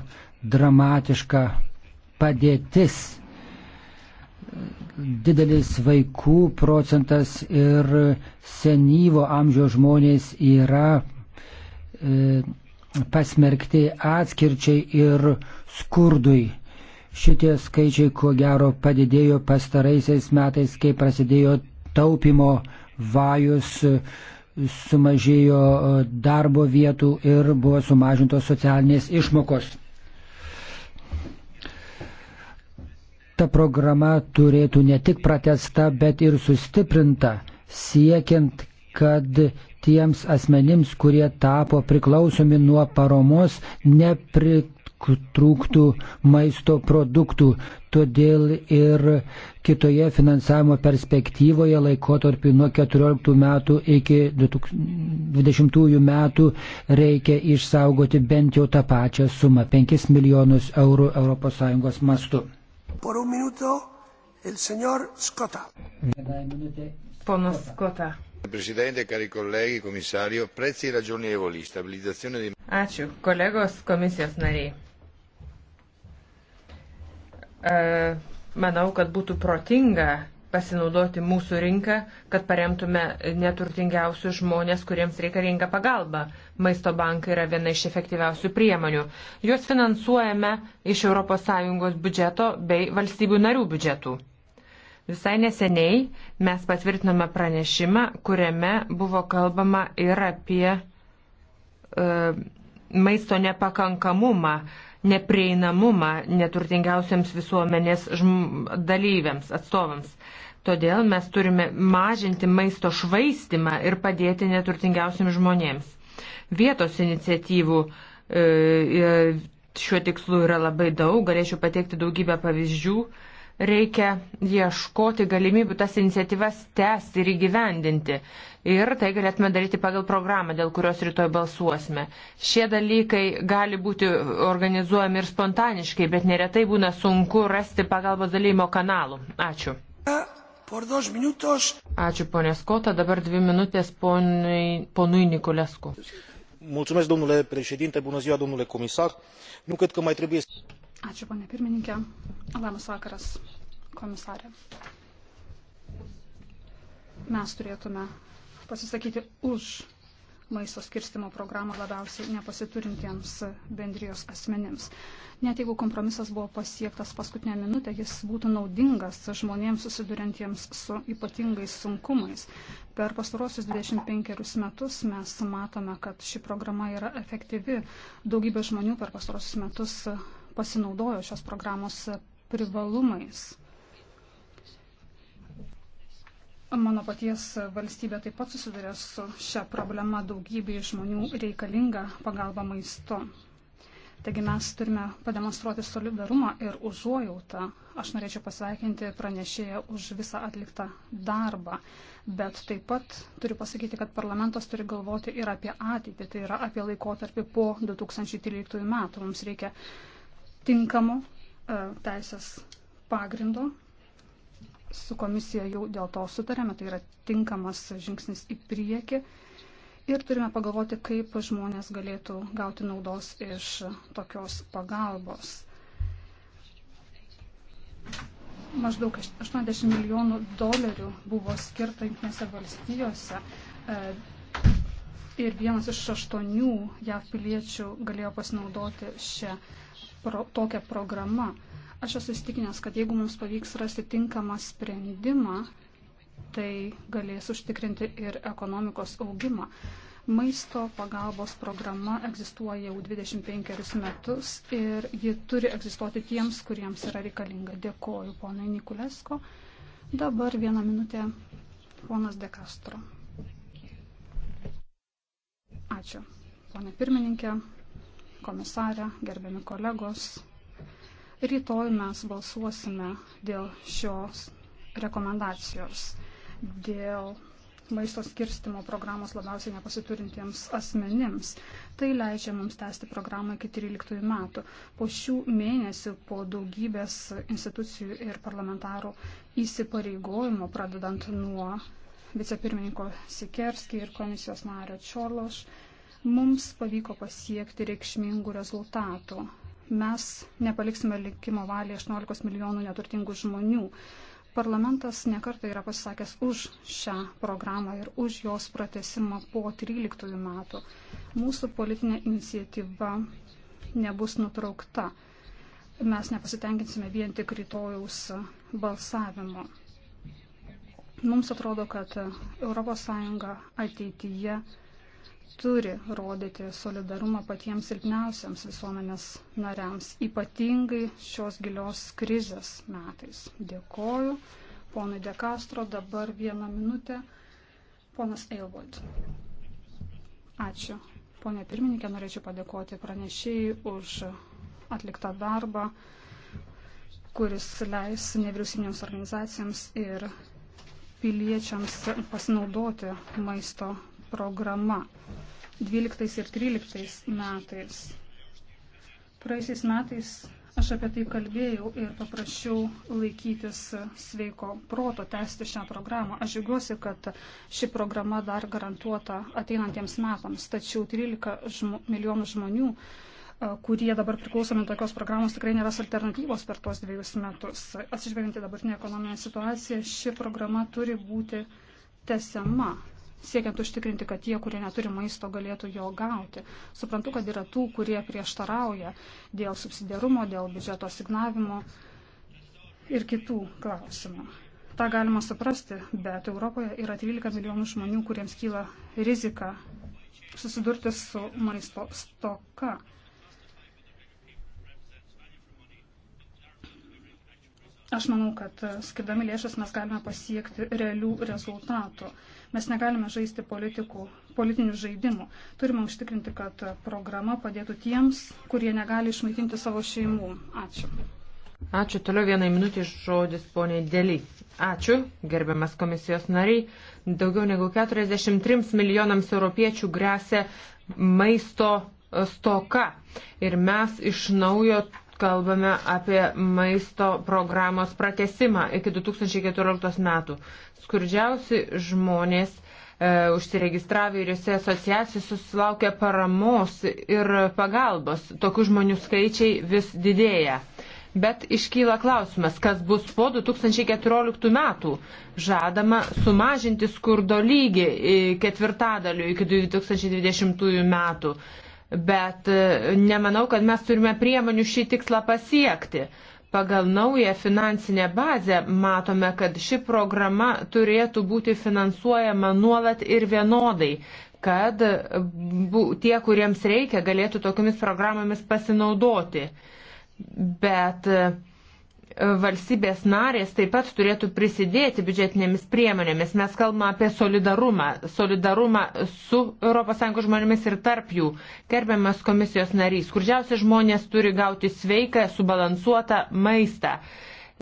[SPEAKER 1] dramatiška padėtis. Didelis vaikų procentas ir senyvo amžiaus žmonės yra e, pasmerkti atskirčiai ir skurdui. Šitie skaičiai, ko gero, padidėjo pastaraisiais metais, kai prasidėjo taupimo vajus, e, sumažėjo e, darbo vietų ir buvo sumažintos socialinės išmokos. Ta programa turėtų ne tik pratesta, bet ir sustiprinta, siekiant, kad tiems asmenims, kurie tapo priklausomi nuo paromos, nepri, trūktų maisto produktų. Todėl ir kitoje finansavimo perspektyvoje laikotarpį nuo 14 metų iki 2020 metų reikia išsaugoti bent jau tą pačią sumą - 5 milijonus eurų ES mastu. Minuto, Ponas Skota. Presidente, cari
[SPEAKER 2] colleghi, komisario, prezzi ragionevoli, stabilizzazione dei... Ačiū, kolegos komisijos nariai. E, manau, kad būtų protinga pasinaudoti mūsų rinką, kad paremtume neturtingiausius žmonės, kuriems reikalinga pagalba. Maisto bankai yra viena iš efektyviausių priemonių. Juos finansuojame iš ES biudžeto bei valstybių narių biudžetų. Visai neseniai mes patvirtinome pranešimą, kuriame buvo kalbama ir apie e, maisto nepakankamumą. E, neprieinamumą neturtingiausiams visuomenės dalyviams, atstovams. Todėl mes turime mažinti maisto švaistimą ir padėti neturtingiausiams žmonėms. Vietos iniciatyvų e,
[SPEAKER 4] e,
[SPEAKER 2] šiuo tikslu yra labai daug, galėčiau pateikti daugybę pavyzdžių. Reikia ieškoti galimybių tas iniciatyvas tęsti ir įgyvendinti. Ir tai galėtume daryti pagal programą, dėl kurios rytoj balsuosime. Šie dalykai gali būti organizuojami ir spontaniškai, bet neretai būna sunku rasti pagalbos dalymo kanalų. Ačiū. Ačiū ponė Skota, dabar dvi minutės ponui, ponui Nikulescu.
[SPEAKER 4] Mulțumesc, domnule președinte, bună ziua, domnule comisar.
[SPEAKER 1] Nu cred că mai trebuie să...
[SPEAKER 3] Ačiū, ponė pirmininkė. Labas vakaras, komisarė. Mes turėtume pasisakyti už maisto skirstimo programą labiausiai nepasiturintiems bendrijos asmenims. Net jeigu kompromisas buvo pasiektas paskutinę minutę, jis būtų naudingas žmonėms susidurintiems su ypatingais sunkumais. Per pastarosius 25 metus mes matome, kad ši programa yra efektyvi. Daugybė žmonių per pastarosius metus pasinaudojo šios programos privalumais. Mano paties valstybė taip pat susiduria su šia problema daugybė žmonių reikalinga pagalba maistu. Taigi mes turime pademonstruoti solidarumą ir užuojautą. Aš norėčiau pasveikinti pranešėją už visą atliktą darbą, bet taip pat turiu pasakyti, kad parlamentas turi galvoti ir apie ateitį, tai yra apie laikotarpį po 2013 metų. Mums reikia tinkamo e, teisės pagrindo. Su komisija jau dėl to sutarėme, tai yra tinkamas žingsnis į priekį. Ir turime pagalvoti, kaip žmonės galėtų gauti naudos iš tokios pagalbos. Maždaug 80 milijonų dolerių buvo skirta Junktinėse valstijose e, ir vienas iš aštuonių JAV piliečių galėjo pasinaudoti šią pagalbą pro, tokia programa. Aš esu įstikinęs, kad jeigu mums pavyks rasti tinkamą sprendimą, tai galės užtikrinti ir ekonomikos augimą. Maisto pagalbos programa egzistuoja jau 25 metus ir ji turi egzistuoti tiems, kuriems yra reikalinga. Dėkoju, ponai Nikulesko. Dabar vieną minutę, ponas De Castro. Ačiū, ponė pirmininkė komisarė, gerbiami kolegos. Rytoj mes balsuosime dėl šios rekomendacijos, dėl maisto skirstimo programos labiausiai nepasiturintiems asmenims. Tai leidžia mums tęsti programą iki 13 metų. Po šių mėnesių, po daugybės institucijų ir parlamentarų įsipareigojimo, pradedant nuo vicepirmininko Sikerski ir komisijos nario Čorloš, mums pavyko pasiekti reikšmingų rezultatų. Mes nepaliksime likimo valiai 18 milijonų neturtingų žmonių. Parlamentas nekartai yra pasisakęs už šią programą ir už jos pratesimą po 13 metų. Mūsų politinė iniciatyva nebus nutraukta. Mes nepasitenkinsime vien tik rytojaus balsavimo. Mums atrodo, kad ES ateityje turi rodyti solidarumą patiems silpniausiams visuomenės nariams, ypatingai šios gilios krizės metais. Dėkoju. Ponai De Castro, dabar vieną minutę. Ponas Eilwood. Ačiū. Pone pirmininkė, norėčiau padėkoti pranešėjai už atliktą darbą, kuris leis nevyriausybinėms organizacijams ir piliečiams pasinaudoti maisto programa 12 ir 13 metais. Praeisiais metais aš apie tai kalbėjau ir paprašiau laikytis sveiko proto, tęsti šią programą. Aš žiūriuosi, kad ši programa dar garantuota ateinantiems metams, tačiau 13 žmo, milijonų žmonių kurie dabar priklausomi tokios programos, tikrai neras alternatyvos per tuos dviejus metus. Atsižvelgiant į dabartinę ekonominę situaciją, ši programa turi būti tesiama siekiant užtikrinti, kad tie, kurie neturi maisto, galėtų jo gauti. Suprantu, kad yra tų, kurie prieštarauja dėl subsidiarumo, dėl biudžeto signavimo ir kitų klausimų. Ta galima suprasti, bet Europoje yra 13 milijonų žmonių, kuriems kyla rizika susidurti su maisto stoka. Aš manau, kad e, skirdami lėšas mes galime pasiekti realių rezultatų. Mes negalime žaisti politikų, politinių žaidimų. Turime užtikrinti, kad e, programa padėtų tiems, kurie negali išmaitinti savo šeimų. Ačiū.
[SPEAKER 2] Ačiū. Toliau vienai minutį žodis poniai Dėly. Ačiū, gerbiamas komisijos nariai. Daugiau negu 43 milijonams europiečių grėsia maisto stoka. Ir mes iš naujo kalbame apie maisto programos pratesimą iki 2014 metų. Skurdžiausi žmonės e, užsiregistravę įvairiose asociacijose susilaukia paramos ir pagalbos. Tokių žmonių skaičiai vis didėja. Bet iškyla klausimas, kas bus po 2014 metų. Žadama sumažinti skurdo lygį e, ketvirtadaliu iki 2020 metų bet e, nemanau, kad mes turime priemonių šį tikslą pasiekti. Pagal naują finansinę bazę matome, kad ši programa turėtų būti finansuojama nuolat ir vienodai, kad e, tie, kuriems reikia, galėtų tokiamis programomis pasinaudoti. Bet uh, valstybės narės taip pat turėtų prisidėti biudžetinėmis priemonėmis. Mes kalbame apie solidarumą. Solidarumą su ES žmonėmis ir tarp jų. Gerbiamas komisijos narys, skurdžiausi žmonės turi gauti sveiką, subalansuotą maistą.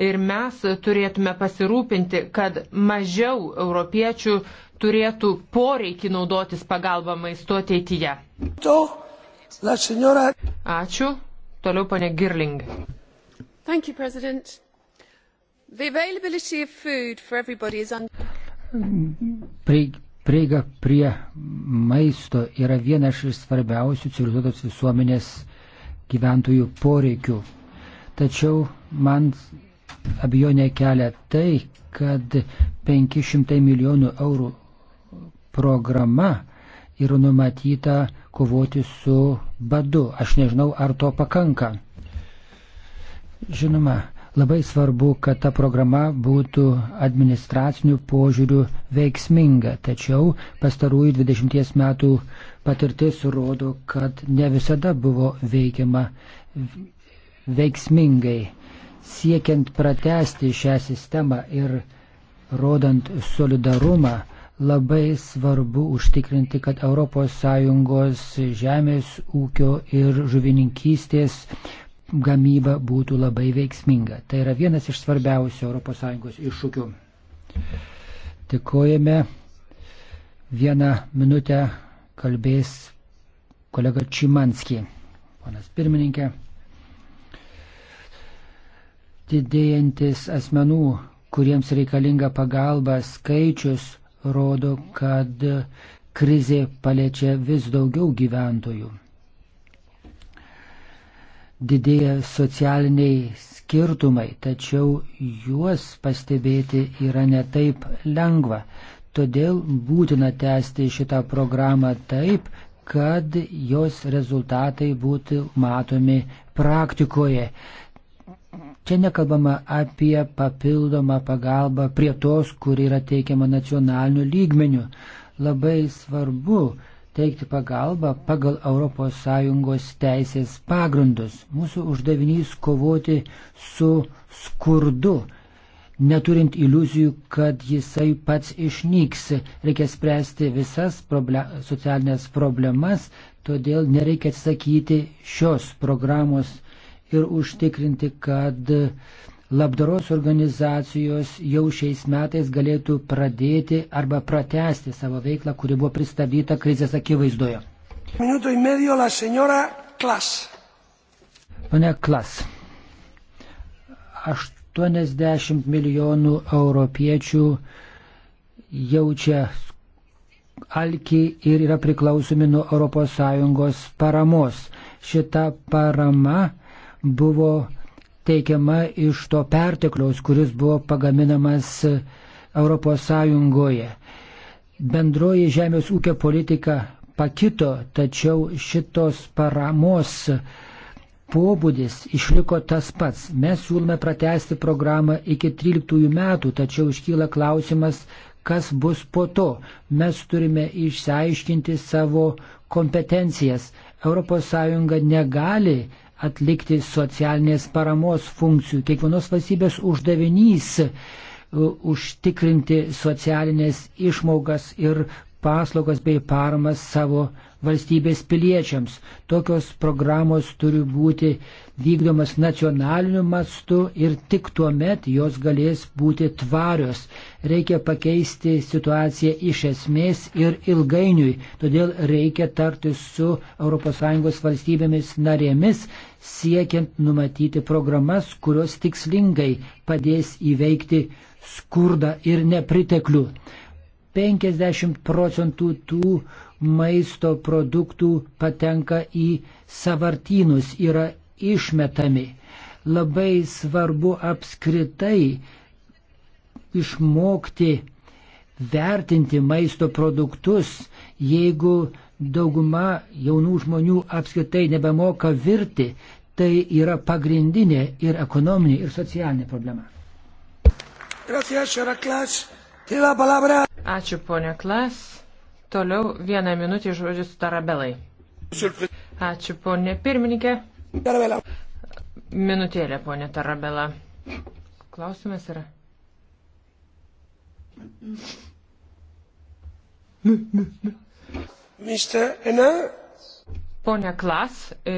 [SPEAKER 2] Ir mes turėtume pasirūpinti, kad mažiau europiečių turėtų poreikį naudotis pagalba maisto ateityje. Ačiū. Toliau ponė Girling
[SPEAKER 4] mr president the availability of food for everybody is under.
[SPEAKER 1] Prieiga prie maisto yra vienas iš svarbiausių civilizuotos visuomenės gyventojų poreikių. Tačiau man abejonė kelia tai, kad 500 milijonų eurų programa yra numatyta kovoti su badu. Aš nežinau, ar to pakanka. Žinoma, labai svarbu, kad ta programa būtų administracinių požiūrių veiksminga, tačiau pastarųjų 20 metų patirtis rodo, kad ne visada buvo veikiama veiksmingai. Siekiant pratesti šią sistemą ir rodant solidarumą, labai svarbu užtikrinti, kad ES žemės ūkio ir žuvininkystės gamyba būtų labai veiksminga. Tai yra vienas iš svarbiausių ES iššūkių. Tikojame, vieną minutę kalbės kolega Čimanski, ponas pirmininkė. Didėjantis asmenų, kuriems reikalinga pagalba, skaičius rodo, kad krizė paliečia vis daugiau gyventojų didėja socialiniai skirtumai, tačiau juos pastebėti yra netaip lengva. Todėl būtina tęsti šitą programą taip, kad jos rezultatai būtų matomi praktikoje. Čia nekalbama apie papildomą pagalbą prie tos, kur yra teikiama nacionaliniu lygmeniu. Labai svarbu, teikti pagalbą pagal ES teisės pagrindus. Mūsų uždavinys kovoti su skurdu, neturint iliuzijų, kad jisai pats išnyks. Reikia spręsti visas problem, socialinės problemas, todėl nereikia atsakyti šios programos ir užtikrinti, kad uh, labdaros organizacijos jau šiais metais galėtų pradėti arba pratesti savo veiklą, kuri buvo pristabdyta krizės akivaizdoje.
[SPEAKER 3] Medio, Klas.
[SPEAKER 1] Pane Klas, 80 milijonų europiečių jaučia alkį ir yra priklausomi nuo ES paramos. Šita parama buvo teikiama iš to pertekliaus, kuris buvo pagaminamas ES. Bendroji žemės ūkio politika pakito, tačiau šitos paramos pobūdis išliko tas pats. Mes siūlome pratesti programą iki 13 metų, tačiau iškyla klausimas, kas bus po to. Mes turime išsiaiškinti savo kompetencijas. ES negali atlikti socialinės paramos funkcijų. Kiekvienos valstybės uždavinys e, užtikrinti socialinės išmogas ir paslaugas bei paramas savo valstybės piliečiams. Tokios programos turi būti vykdomas nacionaliniu mastu ir tik tuo met jos galės būti tvarios. Reikia pakeisti situaciją iš esmės ir ilgainiui. Todėl reikia tartis su ES valstybėmis narėmis siekiant numatyti programas, kurios tikslingai padės įveikti skurdą ir nepriteklių. 50 procentų tų maisto produktų patenka į savartynus, yra išmetami. Labai svarbu apskritai išmokti vertinti maisto produktus, jeigu dauguma jaunų žmonių apskritai nebemoka virti, tai yra pagrindinė ir ekonominė, ir socialinė problema.
[SPEAKER 2] Ačiū, ponė Klas. Toliau vieną minutę žodžiu su Tarabelai. Ačiū, ponė pirmininkė. Minutėlė, ponė Tarabela. Klausimas yra. Ne, nu, ne, nu, ne. Nu. Pone Klas, e,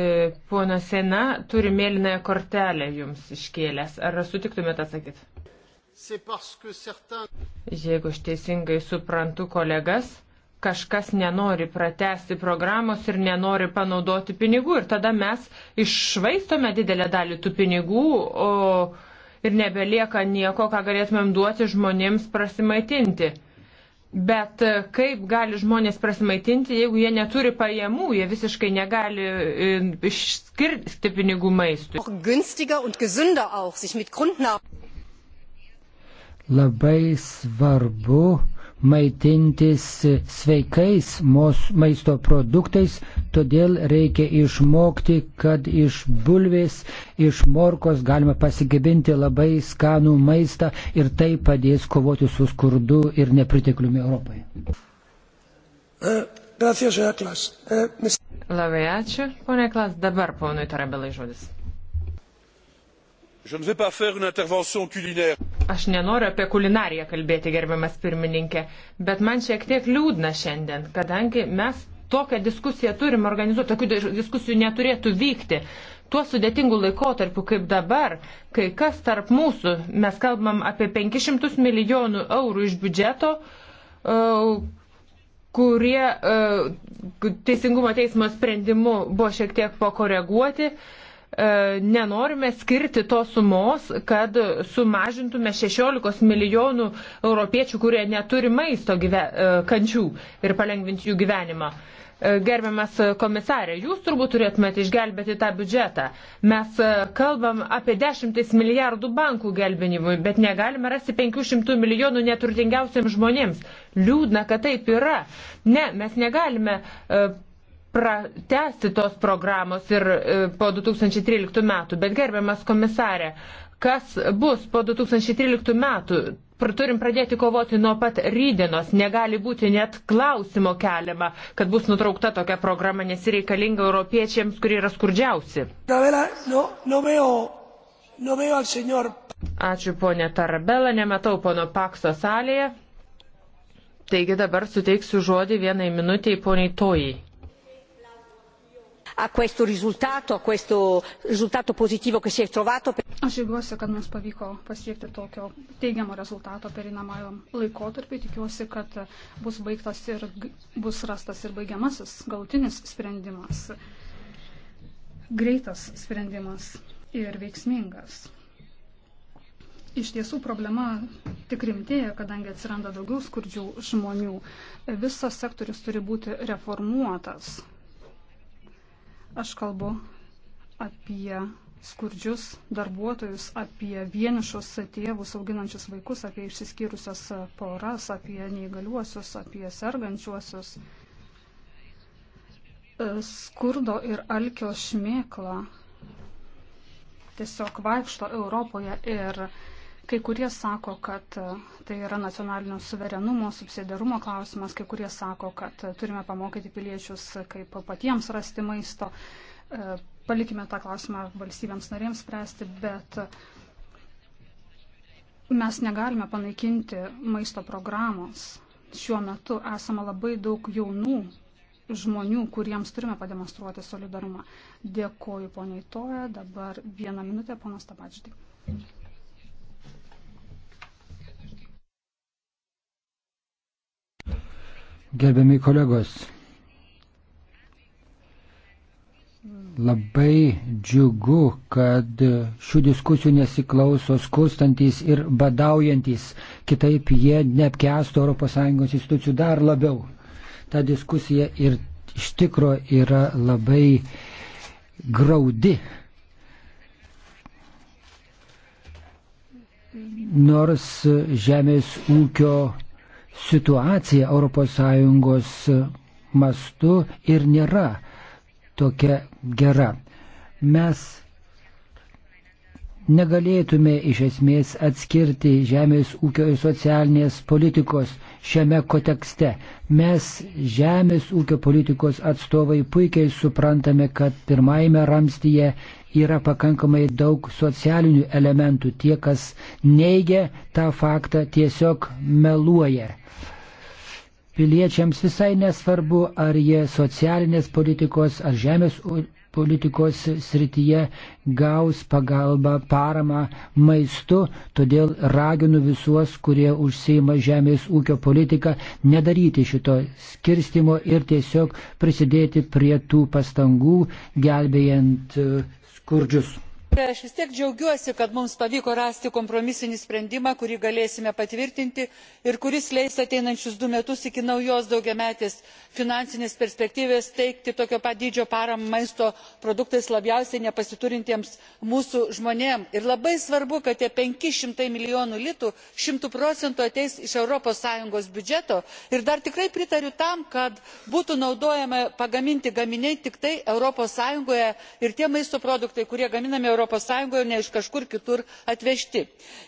[SPEAKER 2] pona Sena turi mėlynąją kortelę jums iškėlęs. Ar sutiktumėte atsakyti? Jeigu aš teisingai suprantu kolegas, kažkas nenori pratesti programos ir nenori panaudoti pinigų ir tada mes iššvaistome didelę dalį tų pinigų o, ir nebelieka nieko, ką galėtumėm duoti žmonėms prasimaitinti. Bet e, kaip gali žmonės prasimaitinti, jeigu jie neturi pajamų, jie visiškai negali e, išskirti pinigų
[SPEAKER 4] maistui.
[SPEAKER 1] Labai svarbu maitintis sveikais maisto produktais, todėl reikia išmokti, kad iš bulvės, iš morkos galima pasigibinti labai skanų maistą ir tai padės kovoti su skurdu ir nepritekliumi Europoje.
[SPEAKER 2] E, e, e, labai ačiū, ponė Klas. Dabar ponui Tarabelai žodis. Aš nenoriu apie kulinariją kalbėti, gerbiamas pirmininkė, bet man šiek tiek liūdna šiandien, kadangi mes tokią diskusiją turim organizuoti, tokių diskusijų neturėtų vykti. Tuo sudėtingu laikotarpiu kaip dabar, kai kas tarp mūsų, mes kalbam apie 500 milijonų eurų iš biudžeto, e, kurie e, teisingumo teismo sprendimu buvo šiek tiek pakoreguoti. E, nenorime skirti tos sumos, kad sumažintume 16 milijonų europiečių, kurie neturi maisto gyve, e, kančių ir palengvinti jų gyvenimą. E, gerbiamas komisarė, jūs turbūt turėtumėte išgelbėti tą biudžetą. Mes kalbam apie dešimtis milijardų bankų gelbinimui, bet negalime rasti 500 milijonų neturtingiausiams žmonėms. Liūdna, kad taip yra. Ne, mes negalime uh, pratesti tos programos ir e, po 2013 metų. Bet gerbiamas komisarė, kas bus po 2013 metų? Turim pradėti kovoti nuo pat rydienos. Negali būti net klausimo keliama, kad bus nutraukta tokia programa, nes reikalinga europiečiams, kurie yra skurdžiausi. Ačiū ponė Tarabela, nematau pono Pakso salėje. Taigi dabar suteiksiu žodį vienai minutiai poniai Tojai
[SPEAKER 3] a questo risultato, a questo risultato positivo che si è trovato. Aš žiūriuosi, kad mums pavyko pasiekti tokio teigiamo rezultato perinamajam laikotarpiu. Tikiuosi, kad bus, baigtas ir, bus rastas ir baigiamasis galutinis sprendimas. Greitas sprendimas ir veiksmingas. Iš tiesų problema tik rimtėja, kadangi atsiranda daugiau skurdžių žmonių. Visas sektorius turi būti reformuotas. Aš kalbu apie skurdžius darbuotojus, apie vienišus tėvus auginančius vaikus, apie išsiskyrusias poras, apie neįgaliuosius, apie sergančiuosius. E, skurdo ir alkio šmėkla tiesiog vaikšto Europoje ir Kai kurie sako, kad tai yra nacionalinio suverenumo, subsidiarumo klausimas, kai kurie sako, kad turime pamokyti piliečius, kaip patiems rasti maisto. E, palikime tą klausimą valstybėms narėms spręsti, bet mes negalime panaikinti maisto programos. Šiuo metu esame labai daug jaunų žmonių, kuriems turime pademonstruoti solidarumą. Dėkoju poniai Toja, dabar vieną minutę ponas Tabačdai.
[SPEAKER 1] Gerbiami kolegos, labai džiugu, kad šių diskusijų nesiklauso skustantis ir badaujantis, kitaip jie neapkestų ES institucijų dar labiau. Ta diskusija ir iš tikro yra labai graudi. Nors žemės ūkio situacija ES mastu ir nėra tokia gera. Mes negalėtume iš esmės atskirti žemės ūkio ir socialinės politikos šiame kontekste. Mes žemės ūkio politikos atstovai puikiai suprantame, kad pirmajame ramstyje yra pakankamai daug socialinių elementų. Tie, kas neigia tą faktą, tiesiog meluoja. Piliečiams visai nesvarbu, ar jie socialinės politikos ar žemės politikos srityje gaus pagalbą, paramą maistu, todėl raginu visuos, kurie užseima žemės ūkio politiką, nedaryti šito skirstimo ir tiesiog prisidėti prie tų pastangų, gelbėjant e, skurdžius
[SPEAKER 4] aš vis tiek džiaugiuosi kad mums pavyko rasti kompromisinį sprendimą kurį galėsime patvirtinti ir kuris leis ateinančius du metus iki naujos daugiametės finansinės perspektyvos teikti tokio pat dydžio paramą maisto produktais labiausiai nepasiturintiems mūsų žmonėms. ir labai svarbu kad tie penki šimtai milijonų litų šimtu procentų ateis iš europos sąjungos biudžeto ir dar tikrai pritariu tam kad būtų naudojami pagaminti gaminiai tik tai europos sąjungoje ir tie maisto produktai kurie gaminami europos sąjungoje europos sąjungoje o ne iš kažkur kitur atvežti.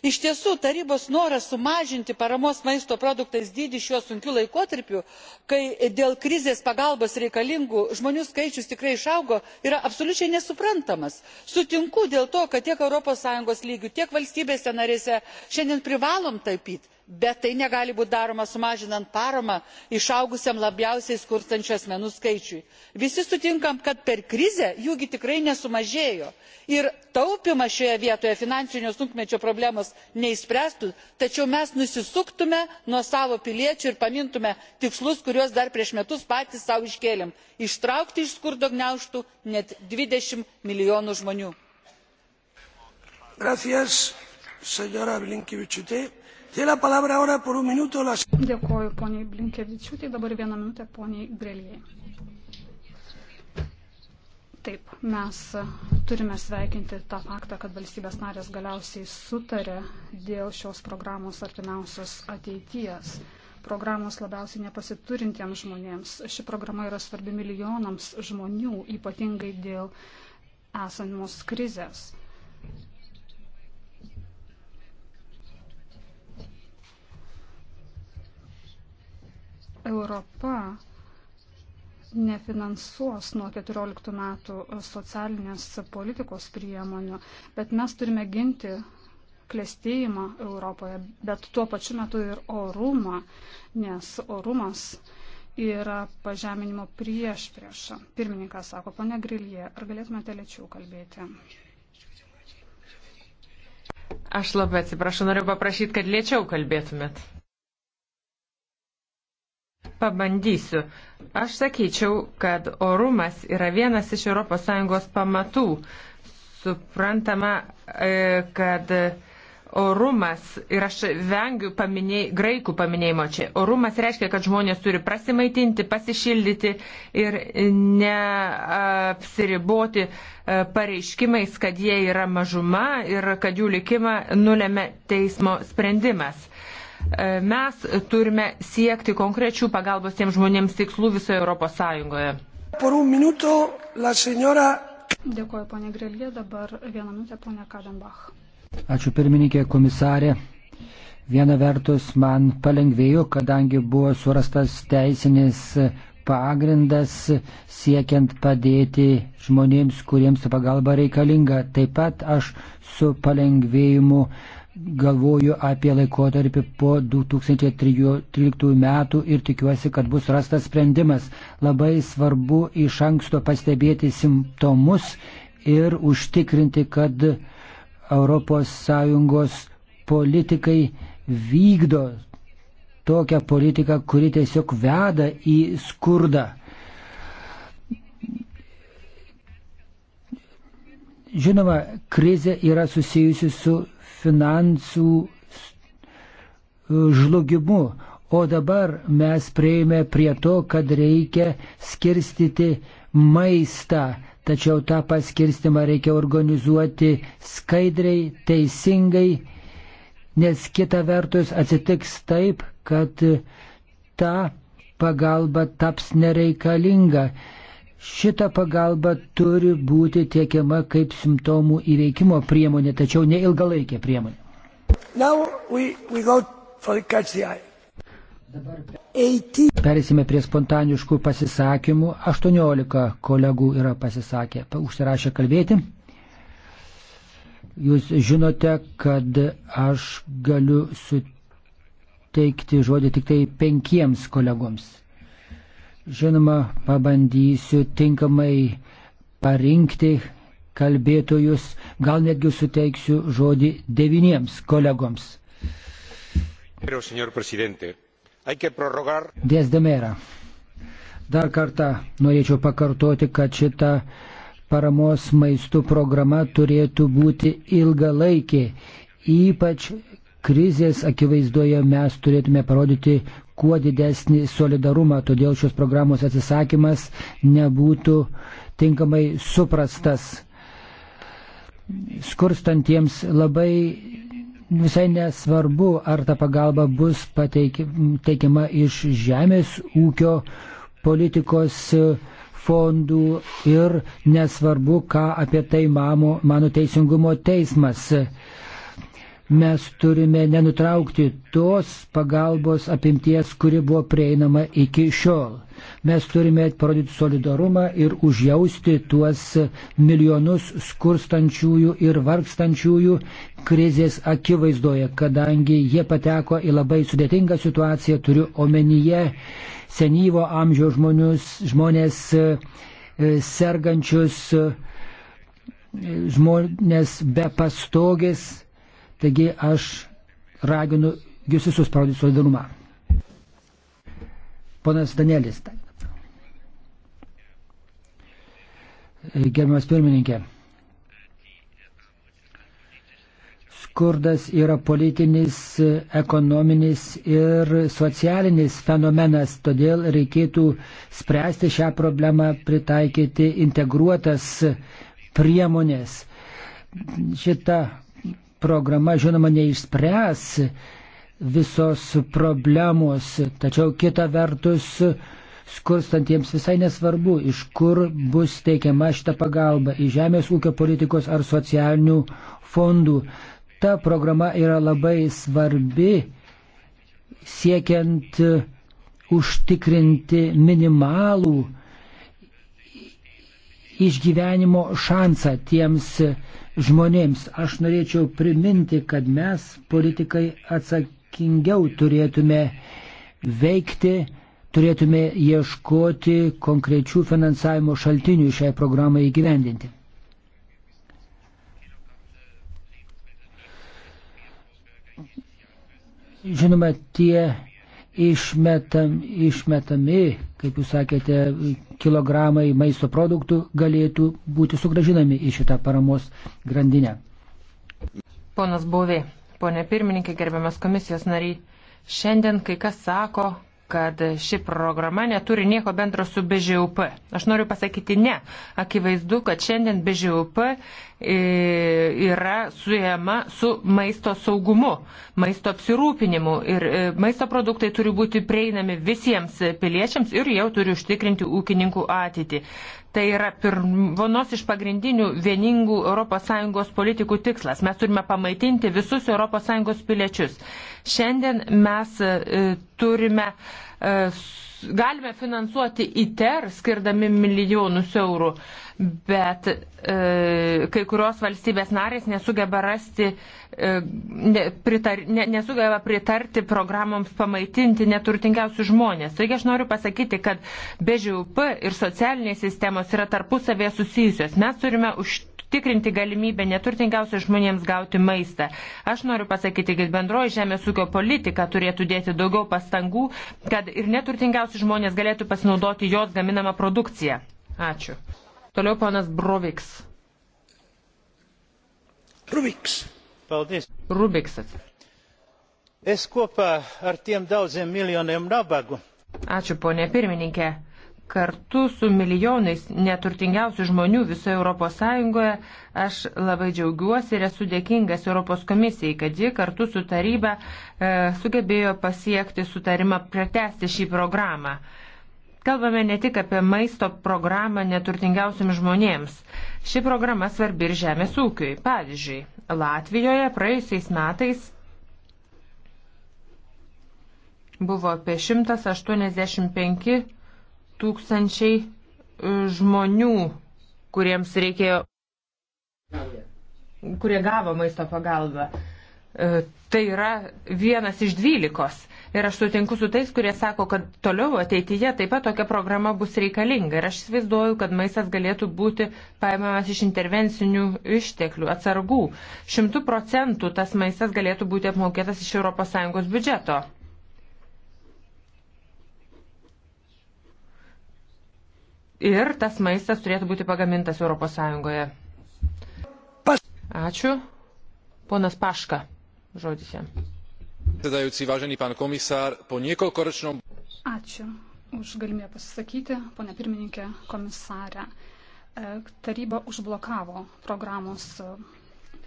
[SPEAKER 4] iš tiesų tarybos noras sumažinti paramos maisto produktams dydį šiuo sunkiu laikotarpiu kai dėl krizės pagalbos reikalingų žmonių skaičius tikrai išaugo yra absoliučiai nesuprantamas. sutinku dėl to kad tiek europos sąjungos lygiu tiek valstybėse narėse šiandien privalome taupyti bet tai negali būti daroma sumažinant paramą išaugusiam labiausiai skurstančių asmenų skaičiui. visi sutinkame kad per krizę jų tikrai nesumažėjo ir taupymas šioje vietoje finansinio sunkmečio problemos neišspręstų tačiau mes nusisuktume nuo savo piliečių ir pamintume tikslus kuriuos dar prieš metus patys sau iškėlėme ištraukti iš skurdo gniaužtų net dvidešimt milijonų žmonių.
[SPEAKER 3] Dėkoju poniai Blinkevičiūtai, dabar vieną minutę poniai Grelijai. Taip, mes turime sveikinti tą faktą, kad valstybės narės galiausiai sutarė dėl šios programos artimiausios ateities programos labiausiai nepasiturintiems žmonėms. Ši programa yra svarbi milijonams žmonių, ypatingai dėl esamos krizės. Europa nefinansuos nuo 14 metų socialinės politikos priemonių, bet mes turime ginti klėstėjimą Europoje, bet tuo pačiu metu ir orumą, nes orumas yra pažeminimo prieš priešą. Pirmininkas sako, pane Grilie, ar galėtumėte lėčiau kalbėti?
[SPEAKER 2] Aš labai atsiprašau, noriu paprašyti, kad lėčiau kalbėtumėt. Pabandysiu. Aš sakyčiau, kad orumas yra vienas iš ES pamatų. Suprantama, e, kad orumas, ir aš vengiu paminėj, graikų paminėjimo čia, orumas reiškia, kad žmonės turi prasimaitinti, pasišildyti ir neapsiriboti e, pareiškimais, kad jie yra mažuma ir kad jų likimą nulėmė teismo sprendimas. Mes turime siekti konkrečių pagalbos tiems žmonėms tikslų visoje Europos Sąjungoje. Minuto, señora...
[SPEAKER 3] Dėkuoju, ponė Grelė, dabar vieną minutę, ponė Kadenbach.
[SPEAKER 1] Ačiū pirmininkė komisarė. Viena vertus man palengvėjo, kadangi buvo surastas teisinis pagrindas siekiant padėti žmonėms, kuriems pagalba reikalinga. Taip pat aš su palengvėjimu uh, galvoju apie laikotarpį po 2013 metų ir tikiuosi, kad bus rastas sprendimas. Labai svarbu iš anksto pastebėti simptomus ir užtikrinti, kad ES politikai vykdo tokią politiką, kuri tiesiog veda į skurdą. Žinoma, krizė yra susijusi su finansų žlugimu. O dabar mes prieime prie to, kad reikia skirstyti maistą, tačiau tą paskirstimą reikia organizuoti skaidriai, teisingai, nes kita vertus atsitiks taip, kad ta pagalba taps nereikalinga. Šita pagalba turi būti tiekiama kaip simptomų įveikimo priemonė, tačiau ne ilgalaikė priemonė. We, we Perėsime prie spontaniškų pasisakymų. 18 kolegų yra pasisakę, užsirašę kalbėti. Jūs žinote, kad aš galiu suteikti žodį tik tai penkiems kolegoms. Žinoma, pabandysiu tinkamai parinkti kalbėtojus, gal netgi suteiksiu žodį devyniems kolegoms. Dėsdemera. Dar kartą norėčiau pakartoti, kad šita paramos maistų programa turėtų būti ilgalaikė. Ypač krizės akivaizdoje mes turėtume parodyti kuo didesnį solidarumą, todėl šios programos atsisakymas nebūtų tinkamai suprastas. Skurstantiems labai visai nesvarbu, ar ta pagalba bus pateikiama iš žemės ūkio politikos fondų ir nesvarbu, ką apie tai mano, mano teisingumo teismas mes turime nenutraukti tos pagalbos apimties, kuri buvo prieinama iki šiol. Mes turime parodyti solidarumą ir užjausti tuos milijonus skurstančiųjų ir vargstančiųjų krizės akivaizdoje, kadangi jie pateko į labai sudėtingą situaciją, turiu omenyje senyvo amžiaus žmonius, žmonės e, sergančius, e, žmonės be pastogės Taigi aš raginu jūs visus parodyti solidarumą. Ponas Danielis. Gerbiamas pirmininkė. skurdas yra politinis, ekonominis ir socialinis fenomenas, todėl reikėtų spręsti šią problemą, pritaikyti integruotas priemonės. Šita programa, žinoma, neišspręs visos problemos, tačiau kita vertus skurstantiems visai nesvarbu, iš kur bus teikiama šita pagalba - iš žemės ūkio politikos ar socialinių fondų. Ta programa yra labai svarbi siekiant užtikrinti minimalų išgyvenimo šansą tiems žmonėms. Aš norėčiau priminti, kad mes, politikai, atsakingiau turėtume veikti, turėtume ieškoti konkrečių finansavimo šaltinių šiai programai įgyvendinti. Žinoma, tie išmetam, išmetami, kaip jūs sakėte, kilogramai maisto produktų galėtų būti sugražinami į šitą paramos grandinę.
[SPEAKER 2] Ponas Bovė, ponė pirmininkė, gerbiamas komisijos nariai, šiandien kai kas sako, kad ši programa neturi nieko bendro su BŽUP. Aš noriu pasakyti ne. Akivaizdu, kad šiandien BŽUP e, yra sujama su maisto saugumu, maisto apsirūpinimu ir e, maisto produktai turi būti prieinami visiems piliečiams ir jau turi užtikrinti ūkininkų ateitį. Tai yra vienos iš pagrindinių vieningų ES politikų tikslas. Mes turime pamaitinti visus ES piliečius. Šiandien mes e, turime, e, galime finansuoti ITER skirdami milijonus eurų, bet e, kai kurios valstybės narės nesugeba rasti, pritar, nesugeba pritarti programoms pamaitinti neturtingiausių žmonės. Taigi aš noriu pasakyti, kad BŽUP ir socialinės sistemos yra tarpusavėje susijusios. Mes turime užtikrinti užtikrinti galimybę neturtingiausios žmonėms gauti maistą. Aš noriu pasakyti, kad bendroji žemės ūkio politika turėtų dėti daugiau pastangų, kad ir neturtingiausi žmonės galėtų pasinaudoti jos gaminamą produkciją. Ačiū. Toliau ponas Broviks.
[SPEAKER 4] Rubiks. Paldies. Rubiks. Es kopā
[SPEAKER 1] ar tiem daudziem miljoniem nabagu.
[SPEAKER 2] Ačiū, ponė pirmininkė kartu su milijonais neturtingiausių žmonių visoje Europos Sąjungoje aš labai džiaugiuosi ir esu dėkingas Europos komisijai, kad ji kartu su taryba e, sugebėjo pasiekti sutarimą pratesti šį programą. Kalbame ne tik apie maisto programą neturtingiausiams žmonėms. Ši programa svarbi ir žemės ūkiui. Pavyzdžiui, Latvijoje praėjusiais metais buvo apie 185 tūkstančiai e, žmonių, kuriems reikėjo, kurie gavo maisto pagalbą. E, tai yra vienas iš dvylikos. Ir aš sutinku su tais, kurie sako, kad toliau ateityje taip pat tokia programa bus reikalinga. Ir aš įsivaizduoju, kad maistas galėtų būti paimamas iš intervencinių išteklių, atsargų. Šimtų procentų tas maistas galėtų būti apmokėtas iš ES biudžeto. ir tas maistas turėtų būti pagamintas ES. Ačiū. Ponas Paška, žodis jam.
[SPEAKER 3] Ačiū už galimybę pasisakyti, ponė pirmininkė, komisarė. E, taryba užblokavo programos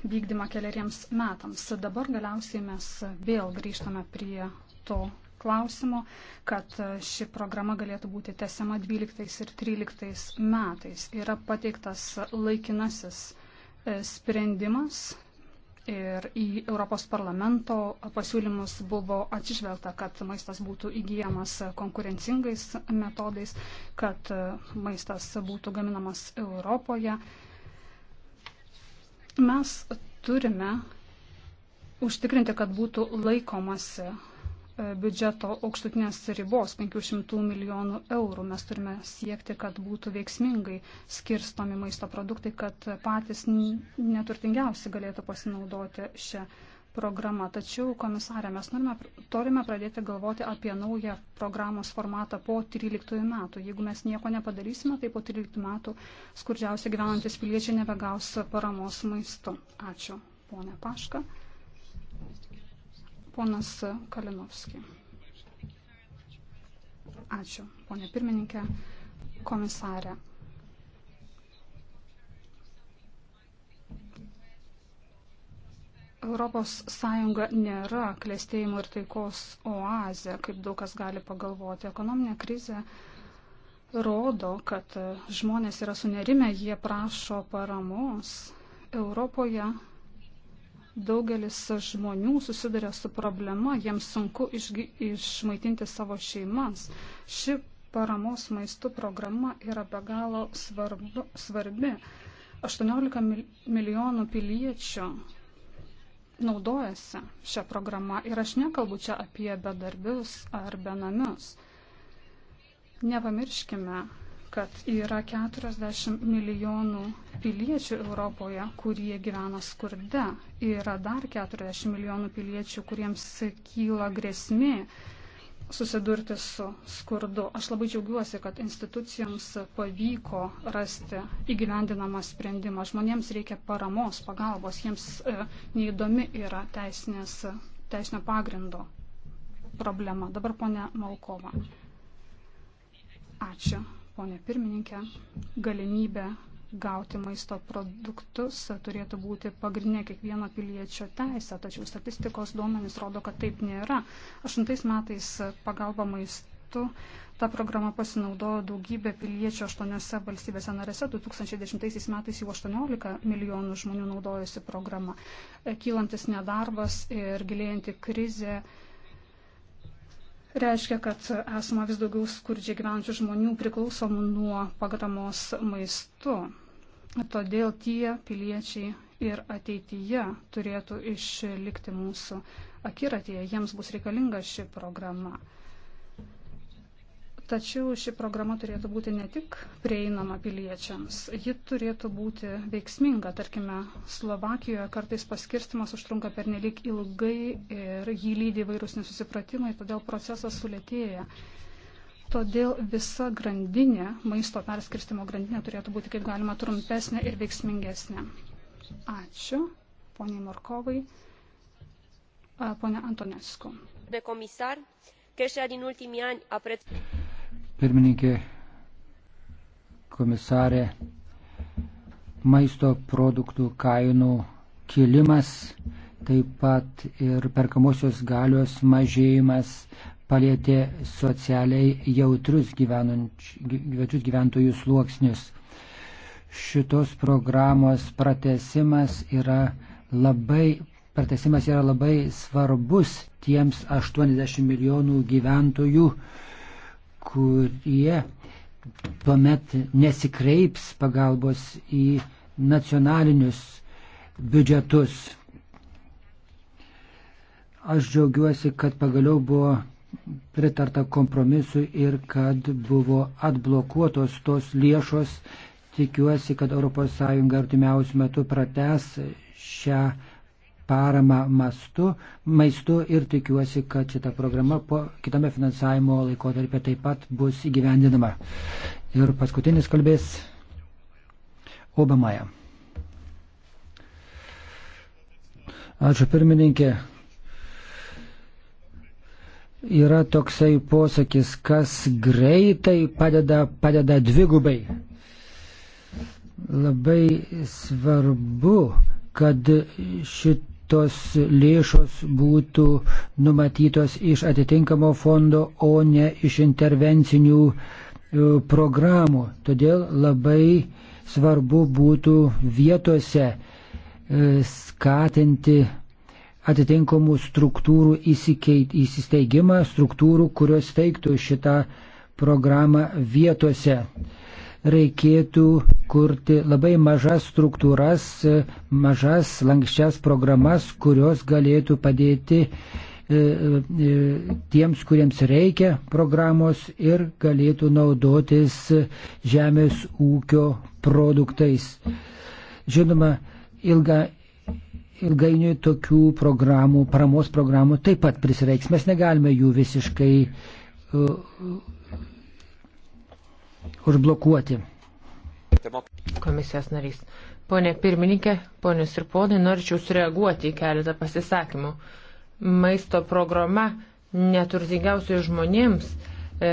[SPEAKER 3] vykdymą keliariems metams. Dabar galiausiai mes vėl grįžtame prie to klausimo, kad e, ši programa galėtų būti tesiama 12 ir 13 metais. Yra pateiktas laikinasis e, sprendimas ir į Europos parlamento pasiūlymus buvo atsižvelgta, kad maistas būtų įgyjamas konkurencingais metodais, kad e, maistas būtų gaminamas Europoje. Mes turime užtikrinti, kad būtų laikomasi biudžeto aukštutinės ribos 500 milijonų eurų. Mes turime siekti, kad būtų veiksmingai skirstomi maisto produktai, kad patys neturtingiausi galėtų pasinaudoti šią programą. Tačiau, komisarė, mes norime, turime pradėti galvoti apie naują programos formatą po 13 metų. Jeigu mes nieko nepadarysime, tai po 13 metų skurdžiausiai gyvenantis piliečiai nebegaus paramos maistu. Ačiū, ponė Paška. Ponas Kalinovski. Ačiū, ponė pirmininkė, komisarė. Europos Sąjunga nėra klėstėjimo ir taikos oazė, kaip daug kas gali pagalvoti. Ekonominė krizė rodo, kad žmonės yra sunerime, jie prašo paramos. Europoje Daugelis žmonių susiduria su problema, jiems sunku išgy, išmaitinti savo šeimas. Ši paramos maistų programa yra be galo svarbu, svarbi. 18 milijonų piliečių naudojasi šią programą ir aš nekalbu čia apie bedarbius ar benamius. Nepamirškime, kad yra 40 milijonų piliečių Europoje, kurie gyvena skurde. Yra dar 40 milijonų piliečių, kuriems kyla grėsmė susidurti su skurdu. Aš labai džiaugiuosi, kad institucijoms pavyko rasti įgyvendinamą sprendimą. Žmonėms reikia paramos, pagalbos, jiems e, neįdomi yra teisinės, teisinio pagrindo problema. Dabar ponia Malkova. Ačiū ponė pirmininkė, galimybė gauti maisto produktus turėtų būti pagrindinė kiekvieno piliečio teisė, tačiau statistikos duomenys rodo, kad taip nėra. Aštuntais metais pagalba maistu. Ta programa pasinaudojo daugybė piliečių aštuoniose valstybėse narėse. 2010 metais jau 18 milijonų žmonių naudojasi programa. Kylantis nedarbas ir gilėjanti krizė reiškia, kad esama vis daugiau skurdžiai gyvenančių žmonių priklausomų nuo pagramos maistu. Todėl tie piliečiai ir ateityje turėtų išlikti mūsų akiratėje, jiems bus reikalinga ši programa. Tačiau ši programa turėtų būti ne tik prieinama piliečiams, ji turėtų būti veiksminga. Tarkime, Slovakijoje kartais paskirstimas užtrunka per nelik ilgai ir jį lydi įvairūs nesusipratimai, todėl procesas sulėtėja. Todėl visa grandinė, maisto perskirstimo grandinė turėtų būti kaip galima trumpesnė ir veiksmingesnė. Ačiū, poniai Morkovai, ponia Antonescu.
[SPEAKER 1] De comisar, creșterea din ultimii ani a prețurilor pirmininkė, komisarė, maisto produktų kainų kilimas, taip pat ir perkamosios galios mažėjimas palėtė socialiai jautrius gyvenančius gyventojų sluoksnius. Šitos programos pratesimas yra labai pratesimas yra labai svarbus tiems 80 milijonų gyventojų, kurie tuomet nesikreips pagalbos į nacionalinius biudžetus. Aš džiaugiuosi, kad pagaliau buvo pritarta kompromisu ir kad buvo atblokuotos tos lėšos. Tikiuosi, kad ES artimiausių metų prates šią paramą mastu, maistu ir tikiuosi, kad šita programa po kitame finansavimo laikotarpė taip pat bus įgyvendinama. Ir paskutinis kalbės Obamaja. Ačiū pirmininkė. Yra toksai posakis, kas greitai padeda, padeda dvigubai labai svarbu, kad šit tos lėšos būtų numatytos iš atitinkamo fondo, o ne iš intervencinių e, programų. Todėl labai svarbu būtų vietose e, skatinti atitinkamų struktūrų įsikeit, įsisteigimą, struktūrų, kurios teiktų šitą programą vietose reikėtų kurti labai mažas struktūras, mažas lankščias programas, kurios galėtų padėti e, e, tiems, kuriems reikia programos ir galėtų naudotis žemės ūkio produktais. Žinoma, ilga, ilgainiui tokių programų, paramos programų taip pat prisireiks. Mes negalime jų visiškai e, užblokuoti.
[SPEAKER 2] Komisijos narys. Pone pirmininkė, ponius ir ponai, norėčiau sureaguoti į keletą pasisakymų. Maisto programa neturtingiausiai žmonėms e,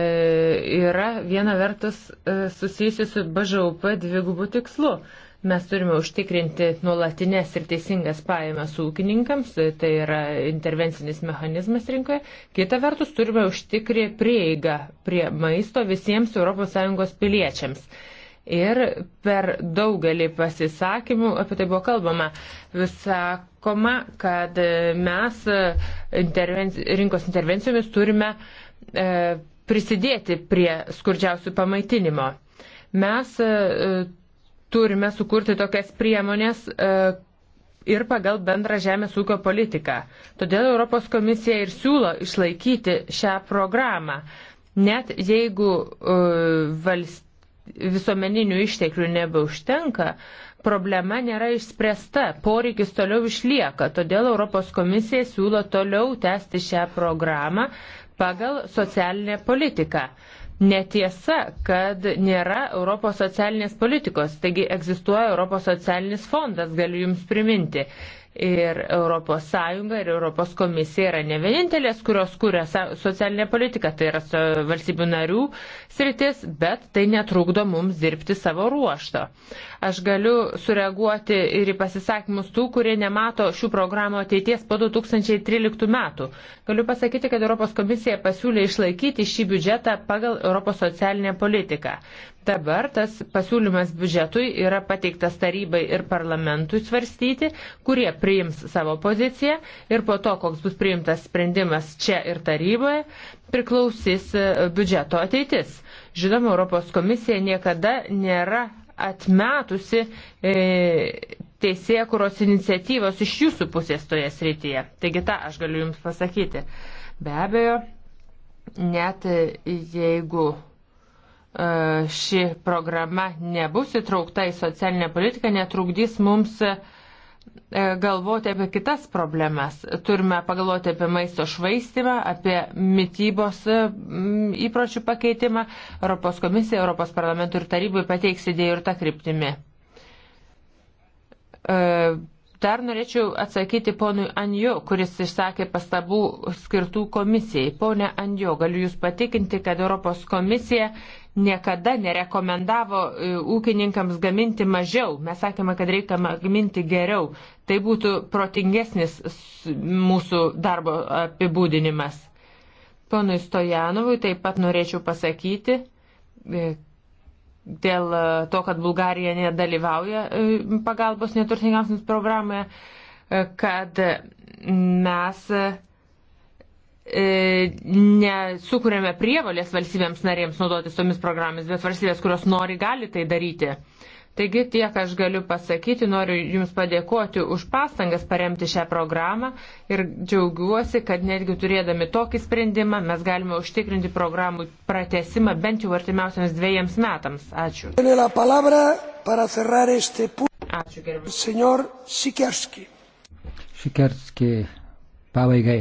[SPEAKER 2] yra viena vertus e, susijusi su BŽUP dvigubu tikslu. E, Mes turime užtikrinti nuolatinės ir teisingas pajamas ūkininkams, tai yra intervencinis mechanizmas rinkoje. Kita vertus, turime užtikrinti prieigą prie maisto visiems ES piliečiams. Ir per daugelį pasisakymų apie tai buvo kalbama. Sakoma, kad mes intervenci rinkos intervencijomis turime e, prisidėti prie skurdžiausių pamaitinimo. Mes e, turime sukurti tokias priemonės e, ir pagal bendrą žemės ūkio politiką. Todėl Europos komisija ir siūlo išlaikyti šią programą, net jeigu e, valst... visuomeninių išteklių nebeužtenka. Problema nėra išspręsta, poreikis toliau išlieka, todėl Europos komisija siūlo toliau tęsti šią programą pagal socialinę politiką netiesa, kad nėra Europos socialinės politikos, taigi egzistuoja Europos socialinis fondas, galiu Jums priminti. Ir ES ir ES komisija yra ne vienintelės, kurios kūrė socialinę politiką, tai yra valstybių narių sritis, bet tai netrukdo mums dirbti savo ruošto. Aš galiu sureaguoti ir į pasisakymus tų, kurie nemato šių programų ateities po 2013 metų. Galiu pasakyti, kad Europos komisija pasiūlė išlaikyti šį biudžetą pagal Europos socialinę politiką. Dabar tas pasiūlymas biudžetui yra pateiktas tarybai ir parlamentui svarstyti, kurie priims savo poziciją ir po to, koks bus priimtas sprendimas čia ir taryboje, priklausys biudžeto ateitis. Žinoma, Europos komisija niekada nėra atmetusi e, teisėkuros iniciatyvos iš jūsų pusės toje srityje. Taigi tą aš galiu Jums pasakyti. Be abejo, net jeigu e, ši programa nebus įtraukta į socialinę politiką, netrukdys mums uh, E, galvoti apie kitas problemas. Turime pagalvoti apie maisto švaistimą, apie mytybos e, įpročių pakeitimą. Europos komisija, Europos parlamentų ir tarybai pateiks idėjų ir tą kryptimį. E, dar norėčiau atsakyti ponui Anjo, kuris išsakė pastabų skirtų komisijai. Pone Anjo, galiu Jūs patikinti, kad Europos komisija niekada nerekomendavo e, ūkininkams gaminti mažiau. Mes sakėme, kad reikia gaminti geriau. Tai būtų protingesnis mūsų darbo apibūdinimas. Ponui Stojanovui taip pat norėčiau pasakyti e, dėl e, to, kad Bulgarija nedalyvauja pagalbos neturtingams programoje, kad mes E, nesukūrėme prievalės valstybėms narėms naudotis tomis programomis, bet valstybės, kurios nori, gali tai daryti. Taigi tiek aš galiu pasakyti, noriu Jums padėkoti už pastangas paremti šią programą ir džiaugiuosi, kad netgi turėdami tokį sprendimą mes galime užtikrinti programų pratesimą bent jau artimiausiams dviejams metams. Ačiū.
[SPEAKER 1] Ačiū gerbiamas. Sikerski pabaigai.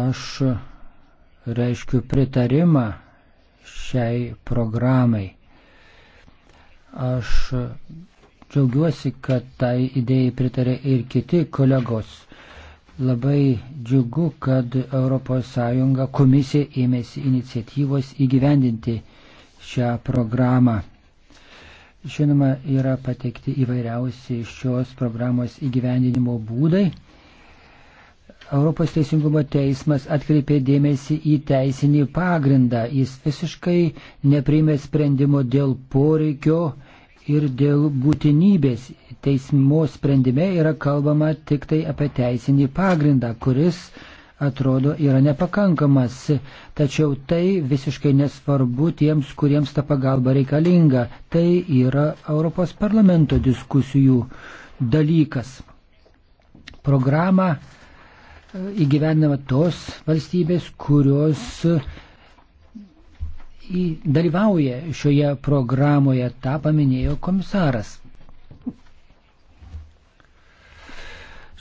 [SPEAKER 1] Aš reiškiu pritarimą šiai programai. Aš džiaugiuosi, kad tai idėjai pritarė ir kiti kolegos. Labai džiugu, kad ES komisija ėmėsi iniciatyvos įgyvendinti šią programą. Žinoma, yra pateikti įvairiausi šios programos įgyvendinimo būdai. Europos Teisingumo teismas atkreipė dėmesį į teisinį pagrindą. Jis visiškai neprimė sprendimo dėl poreikio ir dėl būtinybės. Teismo sprendime yra kalbama tik tai apie teisinį pagrindą, kuris atrodo yra nepakankamas. Tačiau tai visiškai nesvarbu tiems, kuriems ta pagalba reikalinga. Tai yra Europos parlamento diskusijų dalykas. Programą įgyvendama tos valstybės, kurios dalyvauja šioje programoje, tą paminėjo komisaras.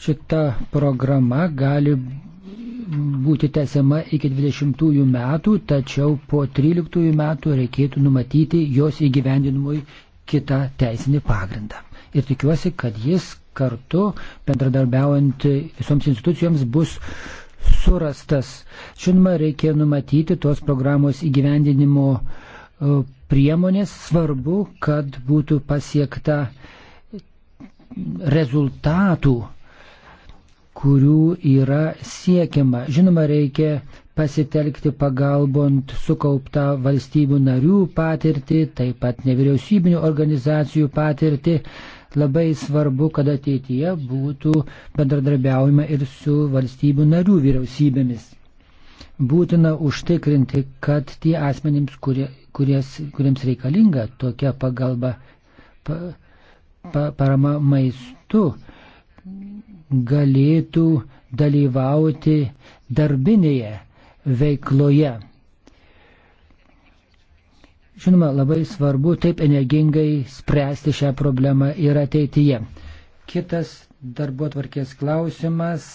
[SPEAKER 1] Šita programa gali būti tęsiama iki 20 metų, tačiau po 13 metų reikėtų numatyti jos įgyvendinimui kitą teisinį pagrindą. Ir tikiuosi, kad jis kartu, bendradarbiaujant visoms institucijoms, bus surastas. Žinoma, reikia numatyti tos programos įgyvendinimo e, priemonės. Svarbu, kad būtų pasiekta rezultatų, kurių yra siekiama. Žinoma, reikia pasitelkti pagalbant sukauptą valstybių narių patirtį, taip pat nevyriausybinių organizacijų patirtį, Labai svarbu, kad ateityje būtų bendradarbiaujama ir su valstybių narių vyriausybėmis. Būtina užtikrinti, kad tie asmenims, kurie, kuries, kuriems reikalinga tokia pagalba, pa, pa, parama maistu, galėtų dalyvauti darbinėje veikloje. Žinoma, labai svarbu taip energingai spręsti šią problemą ir ateityje. Kitas darbo tvarkės klausimas.